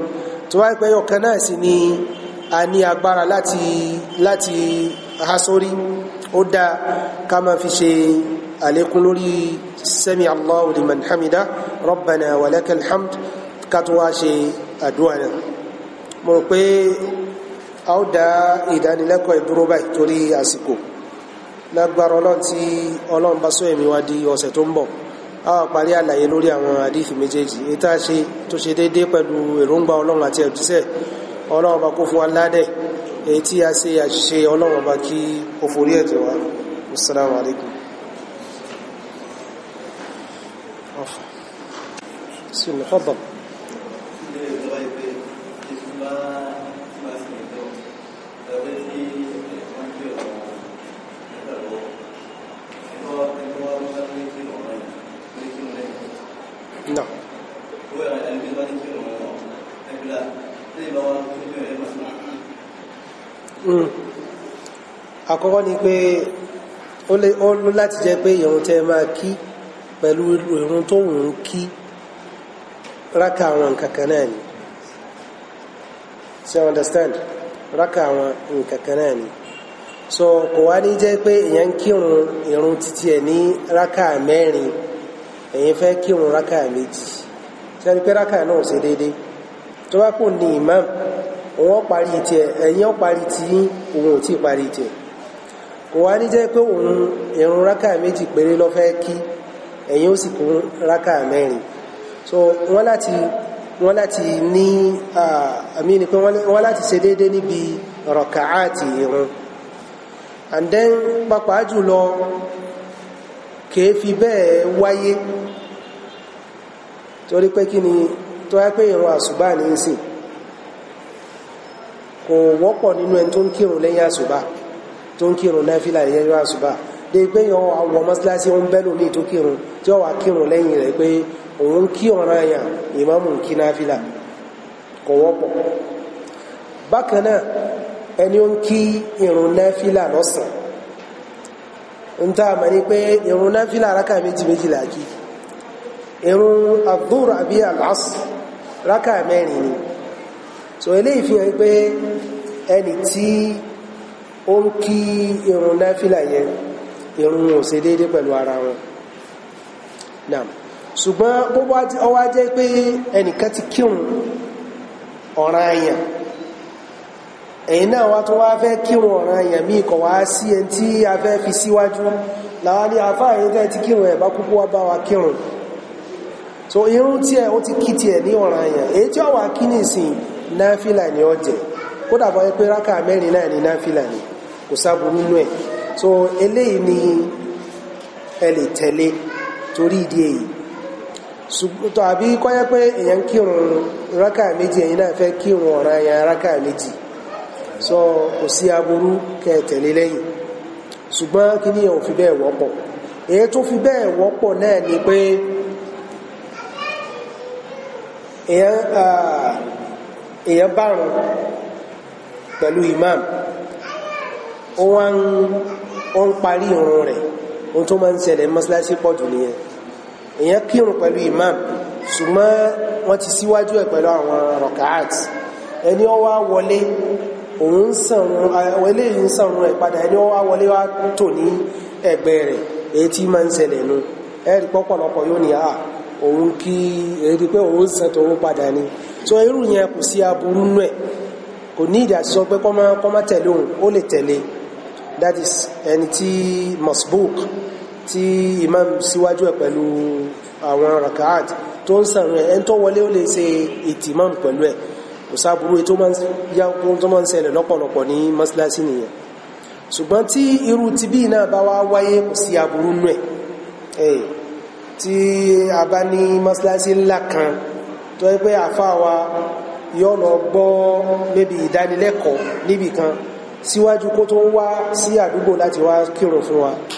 tó wáyé pé ọ̀kan náà sì ni a ní agbára láti láti ha sórí ó dáa ká fi ṣe àlékún lórí sami allahu liman hamida rabbana walakal hamd katuwa ṣe àdúrà náà mo rò pé a ó dá ìdánilẹ́kọ̀ọ́ ìdúró báyìí torí àsìkò lágbára ọlọ́run tí ọlọ́run bá sọ èmi wá di ọ̀sẹ̀ tó ń bọ̀ a wà parí àlàyé lórí àwọn àdífì méjèèjì ètà ṣe tó ṣe déédé pẹ̀lú èròǹgbà ọlọ́run àti ẹ̀dùsẹ̀ ọlọ́run bá kó fún wa ládẹ̀ èyí tí a ṣe àṣìṣe ọlọ́run bá kí òfòrí ẹ̀jẹ̀ wa سنة تفضل نعم hmm. àkọ́kọ́ ni pé ó láti jẹ́ pé ìrun tẹ́ máa kí pẹ̀lú ìrun tó wùn ún kí raka àwọn nkaka kan ni so understand raka àwọn nǹkan so kò wá ní jẹ́ pé èèyàn kírun irun títí ẹ̀ ní raka mẹ́rin èèyàn fẹ́ kírun raka méjì sẹ́ni pé rákà náà ṣe déédéé tó bá kù ní imam òun parí tiẹ̀ ẹ̀yin parí ti òun ò tí ì parí tiẹ̀ kò irun raka méjì péré kí ó sì kún raka mẹ́rin so wọ́n láti wọ́n láti ní àmì ni pé wọ́n láti ṣe déédéé níbi rọ̀kàáàtì irun and then pàápàá jùlọ kìí fi bẹ́ẹ̀ wáyé torí pé kí ni tó yá pé ìrun àsùbá ní í sìn kò wọ́pọ̀ nínú ẹni tó ń kírun lẹ́yìn àsùbá tó ń kírun náfìlà lẹ́yìn àsùbá dé pé yọ àwọn mọ́sálásí ń bẹ́lòmíì tó kírun tí ó wà kírun lẹ́yìn rẹ̀ pé òun kí ọ̀ràn àyàn ìmáàmù kí náfìlà kò wọ́pọ̀ bákan ẹni ó ń kí irun náfìlà lọ́sàn ń tá ní pé irun náfìlà rákà méjì méjìlá kí irun abdul àbí rákà mẹ́rin ni so pé ẹni tí ó ń kí irun náfìlà yẹn irun ò ara wọn Na. ṣùgbọ́n bó bá ọwá jẹ́ pé ẹnìkan ti kírun ọ̀ràn àyàn ẹ̀yìn náà wá tó wá fẹ́ kírun ọ̀ràn àyàn míì kọ̀ wá sí ẹni tí a fẹ́ fi síwájú làwọn ní àfáà yìí tẹ́ ti kírun ẹ̀ bá bá wa kírun so irun tí ẹ ó ti kí tiẹ̀ ní ọ̀ràn àyàn èyí tí ó wà kí ní ìsìn ni ó jẹ kó dàbọ̀ ẹ pé rákà mẹ́rin náà ni náfìlà ni kò sábò nínú ẹ̀ so eléyìí ni ẹ lè tẹ̀lé torí ìdí èyí ṣùgbọ́n àbí kọ́ yẹ pé èèyàn kírun rákà méjì ẹ̀yin náà fẹ́ kírun ọ̀ràn ẹ̀yàn rákà méjì so kò sí aburú kẹ́ tẹ̀lé lẹ́yìn ṣùgbọ́n kí ni ò fi bẹ́ẹ̀ wọ́pọ̀ èyí tó fi bẹ́ẹ̀ wọ́pọ̀ náà ni pé èèyàn bárun pẹ̀lú imam ó wá ń parí ìrun rẹ̀ ohun tó máa ń ṣẹlẹ̀ mọ́sálásí pọ̀jù nìyẹn èyàn kírun pẹ̀lú imam ṣùgbọ́n wọ́n ti síwájú ẹ̀ pẹ̀lú àwọn rọ̀kàát ẹni ó wá wọlé òun sànrún eléyìí ń sànrún ẹ̀ padà ẹni ó wá wọlé wá tò ní ẹ̀gbẹ́ rẹ̀ èyí tí máa ń ṣẹlẹ̀ nu ẹ̀rí pọ̀pọ̀lọpọ̀ yóò ní à òun kí èyí pé òun sàn tó òun padà ni tó irú yẹn kò sí aburú nù ẹ̀ kò ní ìdí pé kọ́ tẹ̀lé òun ó lè tẹ̀lé that is ẹni tí masbuk tí imam síwájú ẹ̀ pẹ̀lú àwọn rakaat tó ń sàrùn ẹ̀ ẹn tó wọlé ó lè ṣe ìtìmam pẹ̀lú ẹ̀ kò sáàbúrú tó máa ń ṣẹlẹ̀ lọ́pọ̀lọpọ̀ ní mọ́síláṣí nìyẹn ṣùgbọ́n tí irú ti bí náà bá wá wáyé kò sí aburú nù ẹ̀ tí a bá ní mọ́síláṣí ńlá kan tó yẹ pé àfa wa yọ gbọ́ mébi ìdánilẹ́kọ̀ọ́ níbì síwájú kó tó ń wá sí àdúgbò láti wá kírun fún wa. Si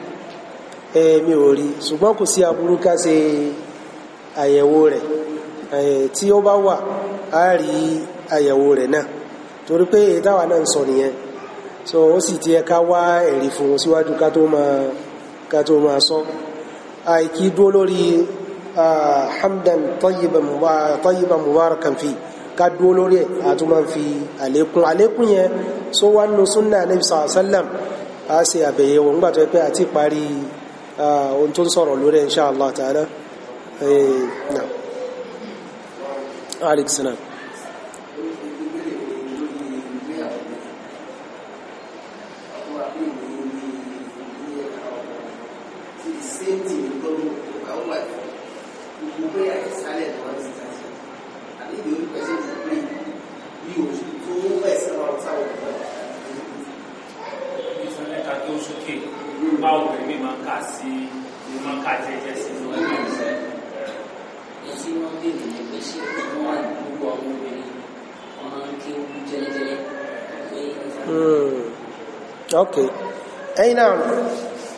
èmi ò rí ṣùgbọ́n kò sí aburú ká ṣe àyẹ̀wò rẹ̀ tí ó bá wà á rí àyẹ̀wò rẹ̀ náà torí pé ìdáwà náà ń sọ nìyẹn so ó sì ti ẹ ká wá ẹ̀rí fún síwájú ká tó máa sọ àìkí dúó lórí hamdan tayyiban mubarakan fi ká dúó lórí ẹ̀ àti máa fi àlékún àlékún yẹn so wá nù súnà nabi sallallahu alaihi wasallam a ṣe àbẹ̀yẹ̀wò nígbà tó yẹ pé àti parí آه، وانتم وانتنصر علوري إن شاء الله تعالى إيه، نعم عليك السلام ẹ̀yìn náà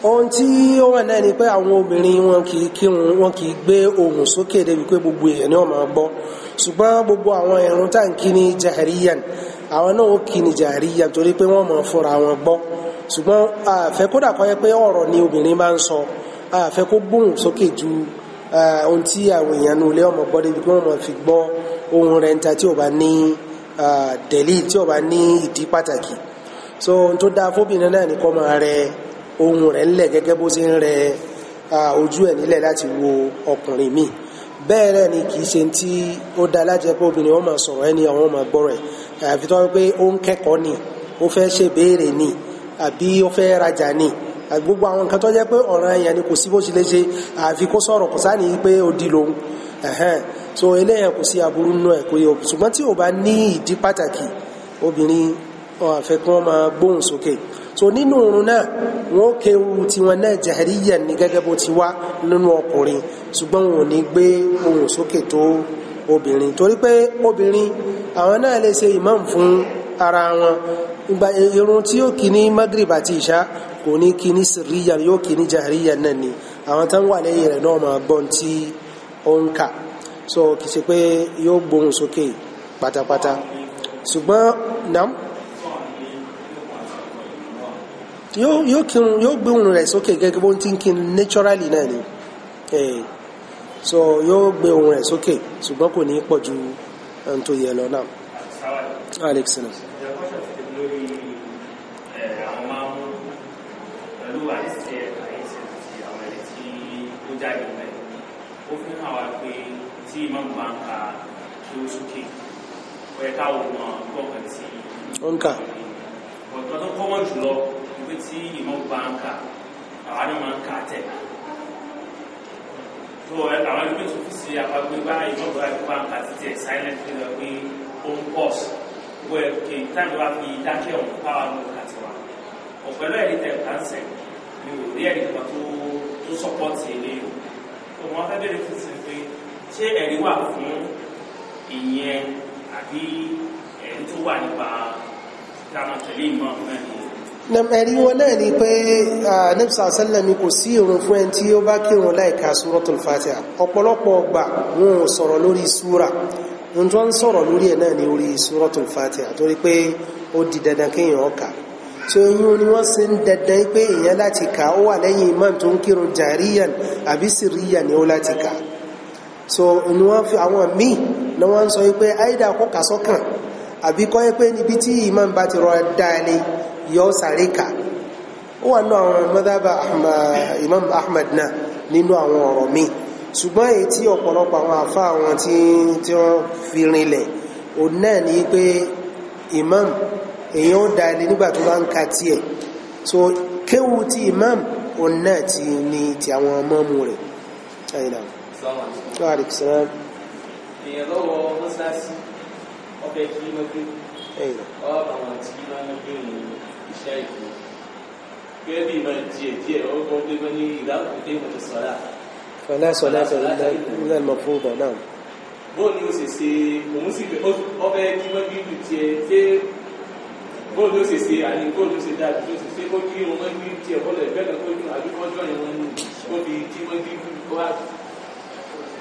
ohun tí ó wà náà ni pé àwọn obìnrin wọn kì í kírun wọn kì í gbé ohùn sókè débi pé gbogbo èèyàn ni wọn máa gbọ́ ṣùgbọ́n gbogbo àwọn ẹ̀rùn tá à ń kí ní jahariyan àwọn náà ó kí ní jahariyan torí pé wọ́n máa fúnra wọn gbọ́ ṣùgbọ́n àfẹ́ kódà kọ́ yẹ pé ọ̀rọ̀ ni obìnrin máa ń sọ àfẹ́ kó gbóhùn sókè ju ohun tí àwọn èèyàn nu ilé ọmọ gbọ́ débi pé wọ́n máa fi gbọ́ ohun rẹ̀ ń tí ò bá ní dẹ̀lí tí ò bá ní ìdí pàtàkì so ohun tó dáa fóbìnrin náà ní kó máa rẹ ohun rẹ̀ ńlẹ̀ gẹ́gẹ́ bó ṣe ń rẹ ojú ẹ̀ nílẹ̀ láti wo ọkùnrin míì bẹ́ẹ̀ rẹ̀ ni kìí ṣe tí ó dáa láti jẹ́ pé obìnrin wọn máa sọ̀rọ̀ ẹni àwọn máa gbọ́rọ̀ ẹ̀ àfi tó wá pé ó ń kẹ́kọ̀ọ́ ni ó fẹ́ ṣe béèrè ni àbí ó fẹ́ rajà ni gbogbo àwọn nǹkan tó jẹ́ pé ọ̀ràn ẹ̀yàn ni kò sí bó ṣe lè ṣe àfi kó sọ̀rọ̀ kò sáà ní pé ó di lòun so eléyàn kò sí aburú nù ẹ̀ kò yẹ ṣùgbọ́n tí ò bá ní ìdí pàtàkì obìnrin wọn àfẹ́ kí wọ́n máa gbóhùn sókè so nínú oorun náà wọn ó kéwu tiwọn náà jahariya ní gẹ́gẹ́ bó ti wá nínú ọkùnrin ṣùgbọ́n wọn ò ní gbé ohùn sókè tó obìnrin torí pé obìnrin àwọn náà lè ṣe imam fún ara wọn ìgbà irun tí yóò kí ní magrib àti ìṣá kò ní kí ní siriya yóò kí ní jahariya náà ni àwọn tán wà lẹ́yìn rẹ̀ náà máa gbọ́n tí ó ń kà so kì í ṣe pé yóò gbóhùn sókè pátápátá ṣùgbọ́n náà. yóò kírun yóò gbé ohùn rẹ̀ sókè gẹ́gẹ́ bó ti ń kí naturally náà ni so yóò gbé ohùn rẹ̀ sókè ṣùgbọ́n kò ní pọ̀ ju ẹni tó yẹ lọ náà alex náà. jáde mẹ ó fi hàn wá pé tí imam bá ń ka kí ó sókè ó yẹ káwọn ọmọ gbọ̀ngàn tí. ó ń kà. ọ̀tọ̀ tó kọ́mọ̀ jùlọ ìwé tí ìmọ̀ bá ń kà àwọn náà máa ń kà tẹ̀ tó àwọn ẹgbẹ́ tó fi ṣe àpagbé bá ìmọ̀ bá ìgbà ń kà títẹ̀ silent fi lọ pé ó ń pọ̀ sí gbogbo ẹ̀ kì í táwọn wá fi dákẹ́ ọ̀hún káwá ló kà tiwa ọ̀pẹ̀lú ẹ̀rí tẹ̀ káńsẹ̀ mi ò rí ẹ̀rí kan tó tó sọ́pọ́tì eléyìí o wọn fẹ́ bẹ̀rẹ̀ sí pé ṣé ẹ̀rí wà fún ìyẹn àbí ẹ̀rí tó wà nípa táwọn tẹ̀lé ìmọ̀ náà ni ẹ̀rí wọn náà ni pé anẹ́bùsà sálẹ̀mí kò sí ìrun fún ẹni tí ó bá kírun láìka súrọ́tùl fatiha ọ̀pọ̀lọpọ̀ ọgbà wọn ò sọ̀rọ̀ lórí súra wọn tó ń sọ̀rọ̀ lórí ẹ̀ náà ni orí súrọ́tùl fatiha torí pé ó di dandan kéèyàn ọkà tí oyún ni wọ́n sì ń dandan pé èèyàn láti kà ó wà lẹ́yìn imam tó ń kírun jàríyàn àbí sìríyàn ni ó láti kà so ni fi àwọn míì ni wọ́n sọ pé àìdá kọ́kà sọ́kàn àbí kọ́ pé níbi tí imam bá ti rọra dáa yọ sáré kà ó àwọn mọ́dábà Imam Ahmad náà nínú àwọn ọ̀rọ̀ míì ṣùgbọ́n èyí tí ọ̀pọ̀lọpọ̀ àwọn àfá àwọn tí wọ́n fi rinlẹ̀ ò náà ní pé imam èyàn ó da ẹni nígbà tó bá ń ka tiẹ̀ so kéwu ti imam ò náà ti ní ti àwọn ọmọọmọ rẹ̀ ṣáyìnà ṣáàrìkìsàn èèyàn ọbẹ̀ kí mọ́gbé ọ̀rọ̀ àwọn tí wọ́n ń gbé ìṣá ìkó gẹ́gẹ́ bí ìmọ̀ díẹ̀ díẹ̀ ó kọ́ pé wọ́n ní ìdáàbò pé wọ́n ti sọ́lá. fọlá sọlá sọlá ilé ẹ̀mọ̀ fún ọgbà náà. bó ni o ṣe ṣe òun sì fẹ́ ọbẹ̀ kí wọ́n bí ìlú tiẹ̀ ṣé bó ni o ṣe ṣe àní bó ni o ṣe dá àbí tó ṣe ṣe kó kí wọ́n bí ìlú tiẹ̀ bọ́lẹ̀ bẹ́ẹ̀ kó ní àbí kọ́jọ́ yẹn wọ́n ní kó bí kí wọ́n bí ìlú kó wá.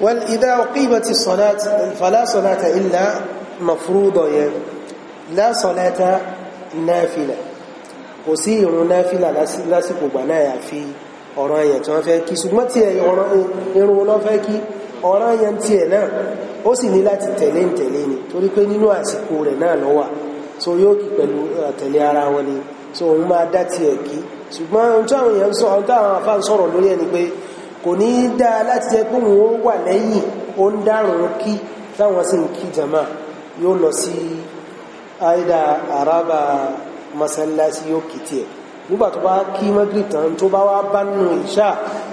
wọ́n ìdá ọ̀kìbọ̀tì sọ̀lá fọlá sọ̀lá ta ilà mafurudọ̀ yẹn lásọ̀lá ta náà filẹ̀ kò sí ìrun náfìlà lásìkò gbà náà àfi ọ̀ràn ẹ̀yàn tí wọ́n fẹ́ kí ṣùgbọ́n tí irun wọn fẹ́ kí ọ̀ràn ẹ̀yàn tiẹ̀ náà ó sì ní láti tẹ̀lé ń tẹ̀lé ni torí pé nínú àsìkò rẹ̀ náà ló wà so yóò kí pẹ̀lú àtẹ̀lé ara wọn ni so òun máa dá tiẹ̀ kí ṣùgbọ́n ohun tí àwọn èèyàn sọ ohun tí àwọn afá ń sọ̀rọ̀ lórí ẹni pé kò ní í dá láti jẹ́ pé òun wà lẹ́yìn ó ń dárùn kí táwọn sì ń kí jama yóò lọ sí àìdá àrábà mọ́sálásí yóò kì tiẹ̀ nígbà tó bá kí magrib tán tó bá wá bá nù ìṣá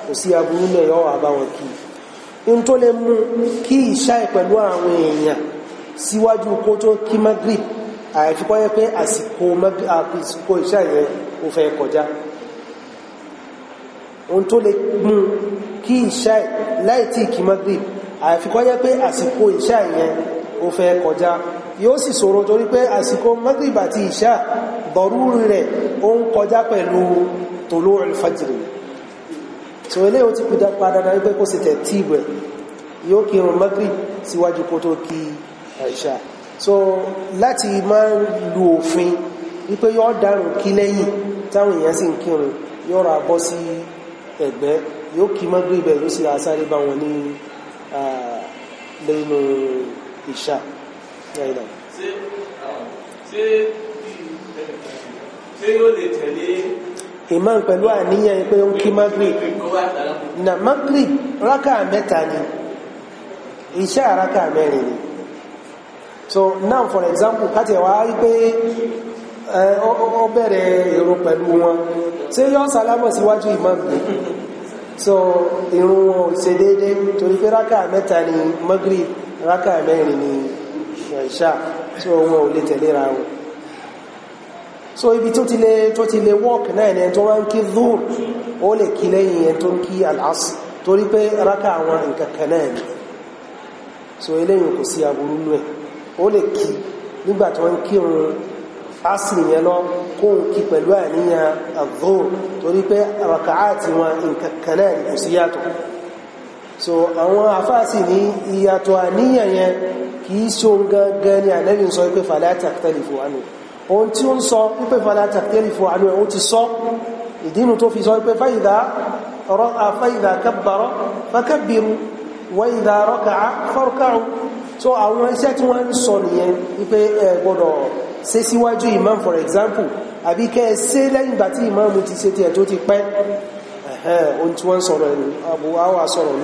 kò sí aburú náà yọ wà bá wọn kí n tó lè mú kí ìṣá pẹ̀lú àwọn èèyàn síwájú kó tó kí magrib àyàfi kọ́ yẹ pé àsìkò ìṣá yẹn ó fẹ́ kọjá ohun tó lè mú kí ìṣá láì tí kí magrib àyàfi yẹ pé àsìkò ìṣá yẹn ó fẹ́ kọjá yóò sì ṣòro torí pé àsìkò magrib àti ìṣá dọ̀rúurì rẹ̀ ó ń kọjá pẹ̀lú tòlú ìfàjìrì so ilé ó ti kú dápa dáadáa wípé kó sì tẹ̀ tíìbù ẹ̀ yóò kí irun magri síwájú kó tó kí àìṣà so láti máa ń lu òfin wípé yóò dárùn kí lẹ́yìn táwọn èèyàn sì ń kírun yóò ra bọ́ sí ẹ̀gbẹ́ yóò kí magri bẹ̀ yóò sì asáré bá wọn ní lẹ́nu ìṣà ṣe ṣé yóò lè tẹ̀lé. imam pẹ̀lú àníyàn pé ó ń kí magri, na magri, rákà mẹ́ta ni ìṣá rákà mẹ́rin ni so now for example káti ẹ̀ wá rí pé ó bẹ̀rẹ̀ èrò pẹ̀lú wọn ṣé yóò sálámọ̀ síwájú imam ni so irun wọn ò ṣe déédéé torí pé rákà mẹ́ta ni magri, rákà mẹ́rin ni ìṣá so wọn ò lè tẹ̀léra wọn so ibi tó ti lè tó ti lè wọ́ọ̀k náà ni tó wọ́n kí dhuhr ó lè kí lẹ́yìn ẹ̀ kí al torí pé rákà àwọn nǹkan náà ni so eléyìn kò sí aburú nú ẹ̀ ó lè kí nígbà tó ń kírun asìrì yẹn lọ kó ń kí pẹ̀lú àníyàn adhuhr torí pé rákà àti wọn nǹkan náà ni kò sí yàtọ̀ so àwọn afáàsì ní ìyàtọ̀ àníyàn yẹn kì í ṣe ohun gangan ni ànẹ́bí sọ pé fala taktalifu anhu ohun tí ó ń sọ wípé fàlá tàbí fún àánú ẹ̀ ó ti sọ ìdínú tó fi sọ wípé fàyídà ọ̀rọ̀ àfàyídà kábàárọ̀ fàkàbìrù wàyídà rọ́kàá fọ́rọ̀kàrù so àwọn iṣẹ́ tí wọ́n ń sọ nìyẹn wípé ẹ gbọ́dọ̀ ṣe síwájú imam for example àbí kẹ́ ẹ ṣe lẹ́yìn ìgbà tí imam ti ṣe tiẹ̀ tó ti pẹ́ ohun tí wọ́n sọ̀rọ̀ ẹ̀rù àbúwá wà sọ̀rọ̀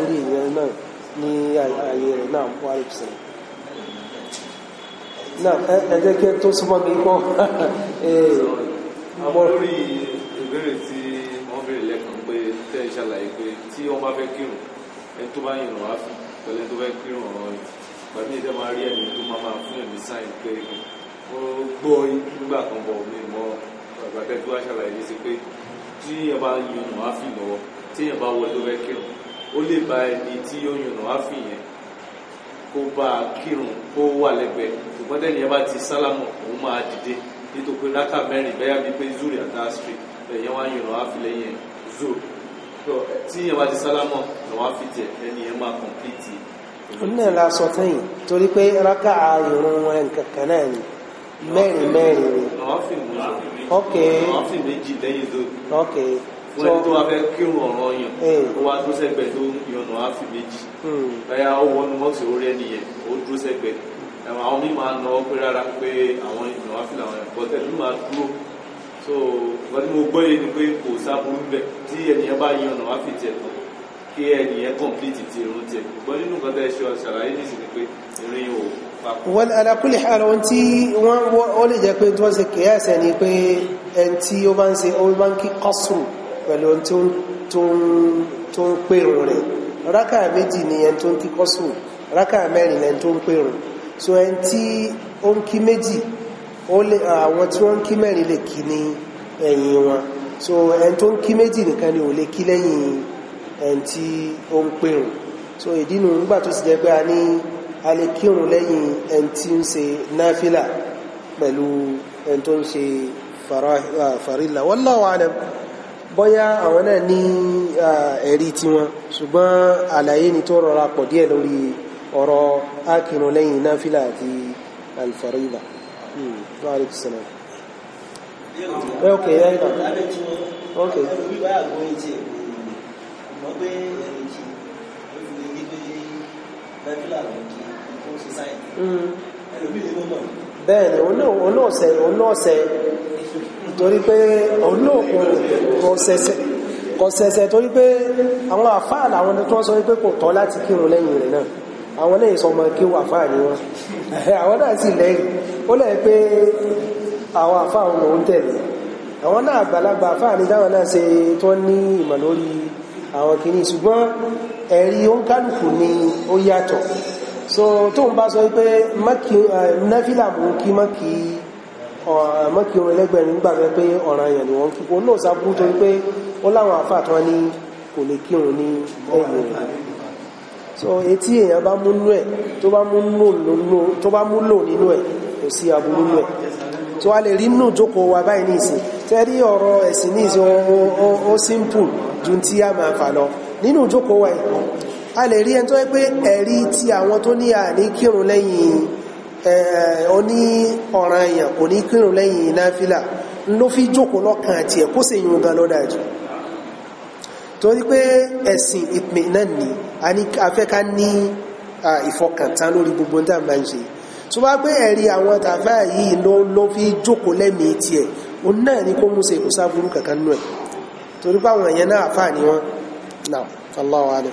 náà ẹ jẹ́ kí ẹ tó súnmọ́ mi pọ̀ eh, àwọn lórí ìbéèrè tí wọ́n béèrè lẹ́kàn pé tẹ́ ẹ ṣàlàyé pé tí wọ́n bá fẹ́ kírun ẹni tó bá yìnrìn wá fún pẹ̀lú ẹni tó fẹ́ kírun ọ̀rọ̀ yìí pẹ̀lú ìdẹ́ máa rí ẹ̀mí tó máa máa fún ẹ̀mí sáyìn pé ó gbọ́ nígbà kan bọ̀ mí mọ́ bàbá tẹ́ tó wá ṣàlàyé ní sí pé tí èèyàn bá yìnrìn wá kó bá a kírun kó wà lẹ́gbẹ̀ẹ́ ṣùgbọ́n tẹ́lẹ̀ yẹn bá ti sálámù òun máa dìde nítorí pé rákà mẹ́rin bẹ́yà bíi pé zuri àti asiri ẹ̀yẹ́ wá yìnbọn wá fi lẹ́yìn zuri tí yẹn bá ti sálámù òun wá fi jẹ ẹni yẹn máa kọ̀m̀pìtì. onílẹ̀ la sọ fẹ́yìn torí pé rákà ìrun wọn kankan náà ni mẹ́rin mẹ́rin ni. ok ok wọ́n tó wá fẹ́ kírun ọ̀rọ̀ yàn hmm. ó wá dúró sẹ́gbẹ̀ẹ́ tó yànnà á fi méjì hmm. báyà ó wọnú mọ́ọ̀sì ó rẹ́ nìyẹn ó dúró sẹ́gbẹ̀ẹ́ àwọn míì máa nọ pé rárá pé àwọn ìyànnà á fi làwọn ẹ̀kọ́ tẹ̀lé máa dúró so wọ́n ti mo gbọ́ yé ni pé kò sábúrú bẹ̀ tí ẹnìyẹn bá yànnà á fi tẹ̀ tán kí ẹnìyẹn kọ̀m̀plìtì ti irun tẹ̀ ṣùgbọ́n nínú nǹkan tẹ́ ṣe ṣàlàyé nìsín ni pé irin yóò papọ̀. wọ́n alákùnlé àrùn tí wọ́n lè jẹ́ pé tí wọ́n ṣe kìí ẹ̀sẹ̀ ni pé ẹni tí ó bá ń ṣe ó bá ń kí kọ́sùrù pẹ̀lú tó ń pèrò rẹ̀ rákà méjì ni ẹni tó ń kí kọ́sùn rákà mẹ́rin lẹni tó ń pèrò so ẹni tí ó ń kí méjì àwọn tí wọ́n ń kí mẹ́rin lè kí ní ẹ̀yìn wọn so ẹni tó ń kí méjì nìkan ni ò lè kí lẹ́yìn ẹni tí ó ń pèrò so ìdínú nígbà tó sì jẹ́ pé a ní a lè kírun lẹ́yìn ẹni tí ń ṣe náfìlà pẹ̀lú ẹni tó ń ṣe farilla wallahu alam bóyá àwọn náà ní ẹ̀rí wọn ṣùgbọ́n àlàyé ni tó rọra pọ̀ díẹ̀ lórí ọ̀rọ̀ ákìrún lẹ́yìn àti alfarida hmm, bẹ́ẹ̀ni torí pé òun náà kò kò ṣẹ̀ṣẹ̀ kò ṣẹ̀ṣẹ̀ torí pé àwọn àfáà làwọn tó wọ́n sọ pé kò tọ́ láti kírun lẹ́yìn rẹ̀ náà àwọn lẹ́yìn sọmọ kí wọ́n àfáà ni wọ́n àwọn náà sì lẹ́yìn ó lẹ́yìn pé àwọn àfáà wọn lòún tẹ̀lé àwọn náà àgbàlagbà àfáà ni táwọn náà ṣe tó ní ìmọ̀ lórí àwọn kìíní ṣùgbọ́n ẹ̀rí oníkálùkù ni ó yàtọ̀ so tóun bá sọ pé náfìlà mú kí mọ́ mọ́kìrún ẹlẹ́gbẹ̀rin nígbà tó pé ọ̀ràn yẹn ni wọ́n kí kó náà sábú torí pé ó láwọn àfà tó ní kò lè kírun ní ẹ̀yìn rẹ̀ so etí èèyàn bá mú nú ẹ̀ tó bá mú lò nínú ẹ̀ kò sí aburú nú ẹ̀ tó a lè rí nù jókòó wa báyìí ní tẹ́rí ọ̀rọ̀ ẹ̀sìn ní ó simple ju tí a máa fà lọ nínú jókòó wa a lè rí ẹni tó yẹ pé ẹ̀rí ti àwọn tó ní àní kírun lẹ́yìn ó ní ọ̀ràn èèyàn kò ní kírun lẹ́yìn náfìlà ló fi jókòó lọ́kàn àti ẹ̀kó sì yun gan lọ́dà jù torí pé ẹ̀sìn ìpín náà ni a fẹ́ ká ní ìfọkàntán lórí gbogbo tá a máa ń ṣe tó bá pé ẹ̀rí àwọn tàfà yìí ló fi jókòó lẹ́mìí tiẹ̀ òun náà ni kó mú ṣe kò sáburú kankan nù ẹ̀ torí pé àwọn èèyàn náà àfà ni wọ́n náà Allahu alam.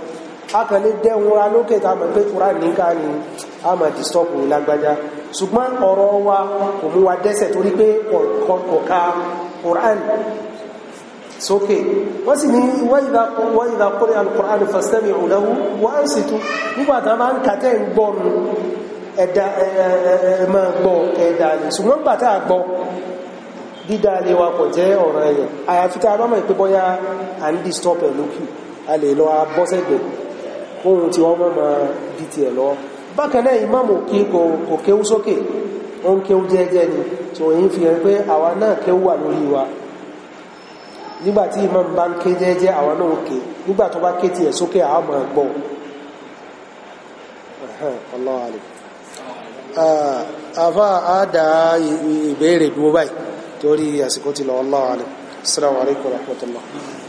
akànlẹ̀ dẹ́wọ́ra lókè tá a mọ̀ pé kúrán nìka ni a mọ̀ distọ́pù lágbájá ṣùgbọ́n ọ̀rọ̀ wa kò mú wa dẹ́sẹ̀ torí pé ọ̀ka kúrán sókè wọ́n sì ní wọ́n ìdá kúrẹ́ alukúrán fàstẹ́mì ọ̀lẹ́wù wọ́n sì tún nígbà tá a máa ń kàtẹ́ ń gbọ́ nu ẹ̀dá ẹ̀ẹ̀mọ̀ gbọ́ ẹ̀dá ni ṣùgbọ́n gbà tá a gbọ́ dídá lè wa kò jẹ́ ọ̀rọ̀ ẹ̀yẹ̀ àyàfi tá a lọ́mọ ìpébọ́yá à ń distọ́pù ẹ̀ lókè a lè lọ abọ́sẹ̀gbẹ̀ẹ́ ohun tí wọ́n mọ́ bí ti ẹ̀ lọ bákanáà ìmáàmù kí kò kéwú sókè ó ń kéwú jẹ́ẹ́jẹ́ ni tó fi hàn pé náà kéwú wà lórí wa nígbàtí ìmáàmù bá ń ké jẹ́ẹ́jẹ́ àwa náà ké nígbà tó bá ké